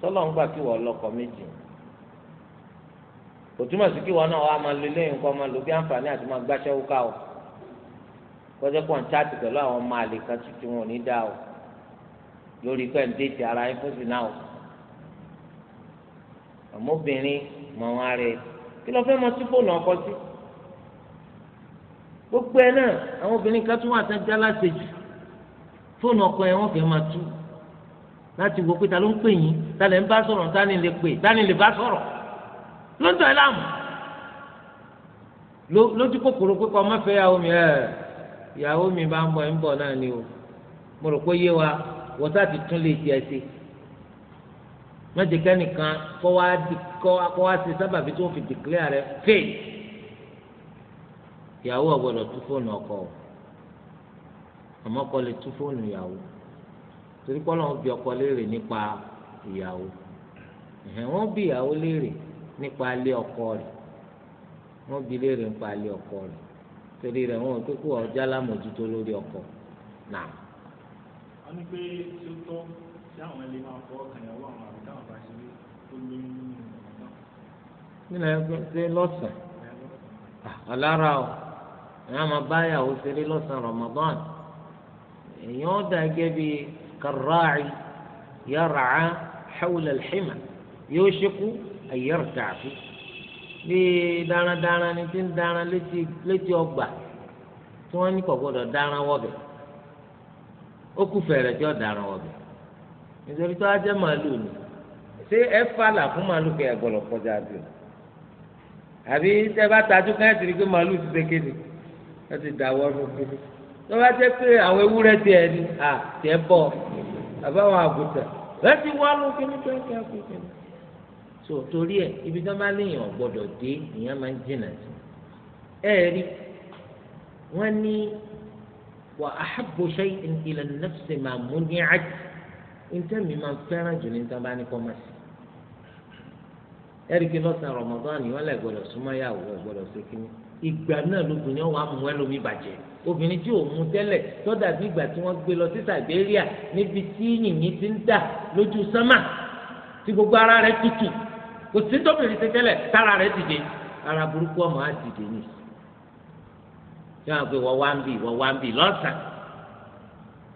tọ́lọ́run gbà kí wọ́n lọ́kọ méjì kò túmọ̀ sí kí wọ́n náà wá máa lo eléyìí nǹkan máa lo bí àǹfààní àti máa gbáṣẹ́ wúkà o kọjá pọ̀ ń chaatì pẹ̀lú àwọn ọmọ àlè kan tuntun wọn ò ní dá o lórí pẹ̀ ń déètì ara yín fún sí náà o ọmọbìnrin mọ̀ wọn rẹ̀ kí ló fẹ́ mọ tí fóònù ọkọ sí gbogbo ẹ náà àwọn obìnrin kan tún wà sẹ́ńtì aláṣejù fóònù ọkọ yẹn wọ́n fẹ́ máa tú láti wo pé ta ló ń pè yín ta lè ń bá sọ̀rọ̀ ta ni lè pè ta ni lè bá sọ̀rọ̀ ló ń tọ́ ẹ láàmú lójú kòkòrò pé kọ́ ọmọ fẹ́ yà omi ẹ̀ ìyàwó mi bá ń bọ̀ ń bọ̀ náà ni o mo rò pé yé wa wọ́n sá ti tún lè tiẹ̀ sí mẹ́tẹ̀kẹ́ nìkan kọ́ wá kọ́ wá sí sábàbí tó fi dìklẹ́ rẹ fail ìyàwó ọ̀gbọ́dọ̀ tú fóònù ọkọ o àmọ́ ọkọ lè tú fóònù ìyàwó torí pọ́lọ́ ń ọkọ léèrè nípa ìyàwó wọ́n bi ìyàwó léèrè nípa alẹ́ ọkọ rẹ̀ wọ́n bi léèrè nípa alẹ́ ọkọ rẹ̀ torí rẹ̀ wọn ò pé kó ọjà lámòjútó lórí ọkọ náà. wọ́n ní pé tí ó tọ́ tí àwọn ẹlẹ́ máa fọ́ kàyàwó àwọn àbí táwọn bá ṣe lé tó lóyún nínú ọ̀nà náà. nílẹ̀ ẹgbẹ́ lọ́sàn-án ọ̀lára ah, o èèyàn máa bá ìyàwó ṣeré lọ́sàn-án Ramadan èèyàn ó dà gẹ́gẹ́ bí kàráàì yàrá hawla al yóò ṣekú àyẹ̀rẹ̀ tààfin. bíi darandaran ni ti ń daran létí létí ọgbà tí wọ́n ní kò gbọ́dọ̀ daran wọ̀bẹ̀ ó kù fẹ̀rẹ̀ tí daran wọ̀bẹ̀ nítorí tó ajẹ́ màálùú ni ṣé ẹ fàlà fún màálùú kẹ́ ẹ kọjá bí o àbí tẹ bá tajú ti pé màálùú ti ṣèké ni ẹ ti dàwọ́ fún mi tó bá jẹ́ pé àwọn ewúrẹ́ tiẹ̀ ni à tiẹ̀ bọ̀ àbáwọn àgùntàn ti so torí ẹ ibi tí wọn bá léèyàn gbọ́dọ̀ dé èèyàn máa ń jìnnà sí ẹ rí wọn ní wà ahabbu shay'in ila an-nafsi ma muni'at ntẹ́mi máa fẹ́ràn jù ní tí wọn bá ní kọ́ máa sí ẹ̀ríkì lọ́sàn Ramadan ni wọ́n lẹ̀ gbọ́dọ̀ súnmọ́ yàwó ẹ̀ gbọ́dọ̀ ṣe kínní ìgbà náà lóbìnrin wà mú ẹlòmíì bàjẹ́ obìnrin tí òun mú tẹ́lẹ̀ tọ́dà bí ìgbà tí wọ́n gbé lọ sí Siberia níbi tí yìnyín ti ń dà lójú sánmà tí gbogbo ara rẹ̀ tutù kò sí tóbìnrin ṣe tẹ́lẹ̀ tára rẹ̀ dìde ara burúkú ọmọ á dìde nì yóò hàn pé wọ́n wá ń bì wọ́n wá ń bì lọ́sàn-án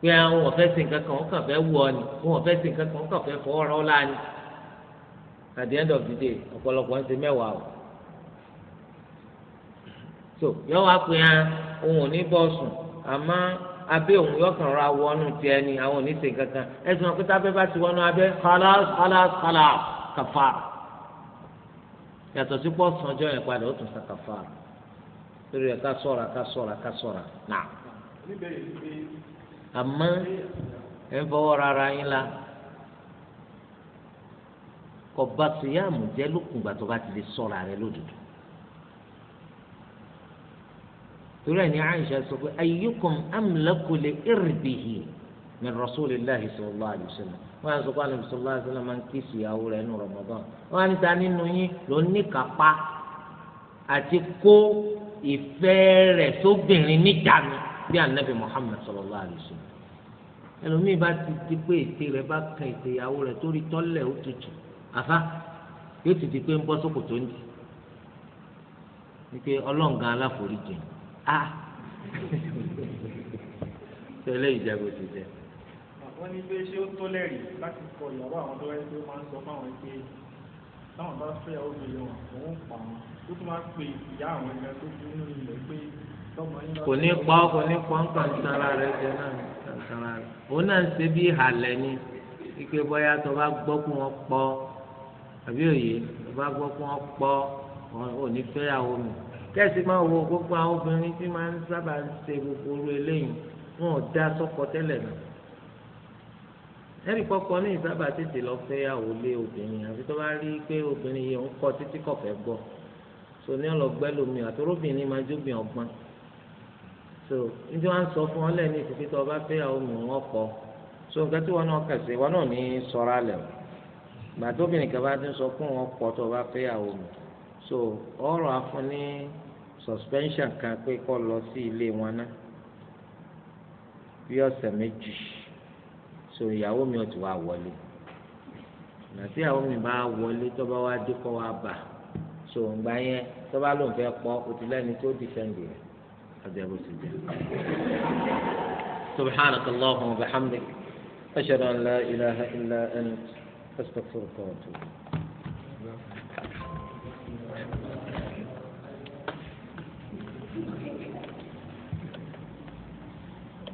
pé àwọn ọ̀fẹ́ sí nǹkan kan wọ́n kàn fẹ́ wù ọ ni wọ́n ọ̀fẹ́ sí nǹkan kan wọ́n kàn fẹ́ fọwọ́ rọ́ ọ́lá ni at the end of the day ọ̀pọ̀lọpọ̀ ń ṣe mẹ́wàá o so yọ wá pé hàn òun ní bọ́ àmọ́ abẹ́ òun yọ kàn ra wọnú tiẹ̀ ni àwọn ò ní ṣe nǹkan kan ẹ̀sùn ọ̀pẹ́ tábẹ́ bá ti wọnú abẹ́ kálás kálás kálás kàfàrà yàtọ̀ sí pọ̀ sanjọ́ yẹn padà ó tún sàkà fà á lórí ẹ̀ ká sọ̀ra ká sọ̀ra ká sọ̀ra nà. àmọ́ ẹ fọwọ́ rárá yín la kò bá síyáàmù jẹ́ lókùngbà tó bá ti lè sọ̀ra rẹ lódodo. torí ẹ̀ ní Àìṣà sọ pé ayyukum amlaku li min rasulillahi sallallahu alayhi wa sallam wọn yà sọ pé alẹ́ sallallahu alayhi wa sallam máa ń kí ìsìyàwó rẹ̀ nù Ramadan wọn ní ta nínú yín ló ní kápá àti kó ìfẹ́ rẹ̀ sóbìnrin níjànú bí anabi Muhammad sallallahu alayhi wa sallam ẹlòmíì bá ti di pé ètè rẹ̀ bá kan ètè ìyàwó rẹ̀ torí tọ́lẹ̀ ó tutù àfa yóò ti di pé ń bọ́ sókòtò ń di wípé ọlọ́ǹgàn aláforíjì ah tẹ́lẹ̀ ìjẹ́gbẹ̀sì jẹ́ wọ́n ní pé ṣé ó tó lẹ́rìí láti kọ ìyàwó àwọn tó wáyé pé ó máa ń sọ fáwọn pé táwọn bá fẹ́yàwó mi lọ òun pa wọn tó tún máa ń pe ìyá àwọn ẹgbẹ́ tó kú nínú ilẹ̀ pé kò ní pa kò ní pa nǹkan sára rẹ jẹ náà sára rẹ òun náà ń ṣe bí ìhàlẹ̀ ni ike bóyá tó bá gbọ́ kó wọ́n pọ̀ àbí òye tó bá gbọ́ kó wọ́n pọ̀ ò ní fẹ́yàwó mi kẹ́sì máa wo gbogbo àwọn obìnrin tí máa ń sábà ń ṣe gbogbo orú eléyìí wọn ò dá sọ́kọ tẹ́lẹ̀ náà ẹnì kọ́kọ́ ní ìsábà tètè lọ fẹ́ yàwó lé obìnrin àti tó bá rí i pé obìnrin yìí ń kọ́ títí kọ̀ fẹ́ gbọ́ so ní ọlọ́gbẹ́ lomi àtòróbìnrin máa jóbìn ọgbọ́n so níbi wọn sọ fún ọ lẹ́ni ìsìnkú tó bá fẹ́ yàwó mi wọn kọ́ so nǹkan tí wọn náà kẹsẹ̀ wọn náà ní sọ̀rọ̀ o. gbà tóbìnrin kan bá ti ń sọ fún wọn kọ́ tó bá fẹ́ yàwó mi so ọ̀rọ̀ afún ní suspension kan pé kọ́ lọ sí ilé wọn ná bí ọ̀sẹ̀ méjì so ìyàwó mi ò ti wá wọlé nàti ìyàwó mi bá wọlé tó bá wá dé kọ́ wá bà so ǹgbà yẹn tó bá lóun fẹ́ pọ́ o ti tó di sẹ́ǹdì rẹ̀ ọjọ́ bó ti سبحانك اللهم وبحمدك أشهد أن لا إله إلا أنت أستغفرك وأتوب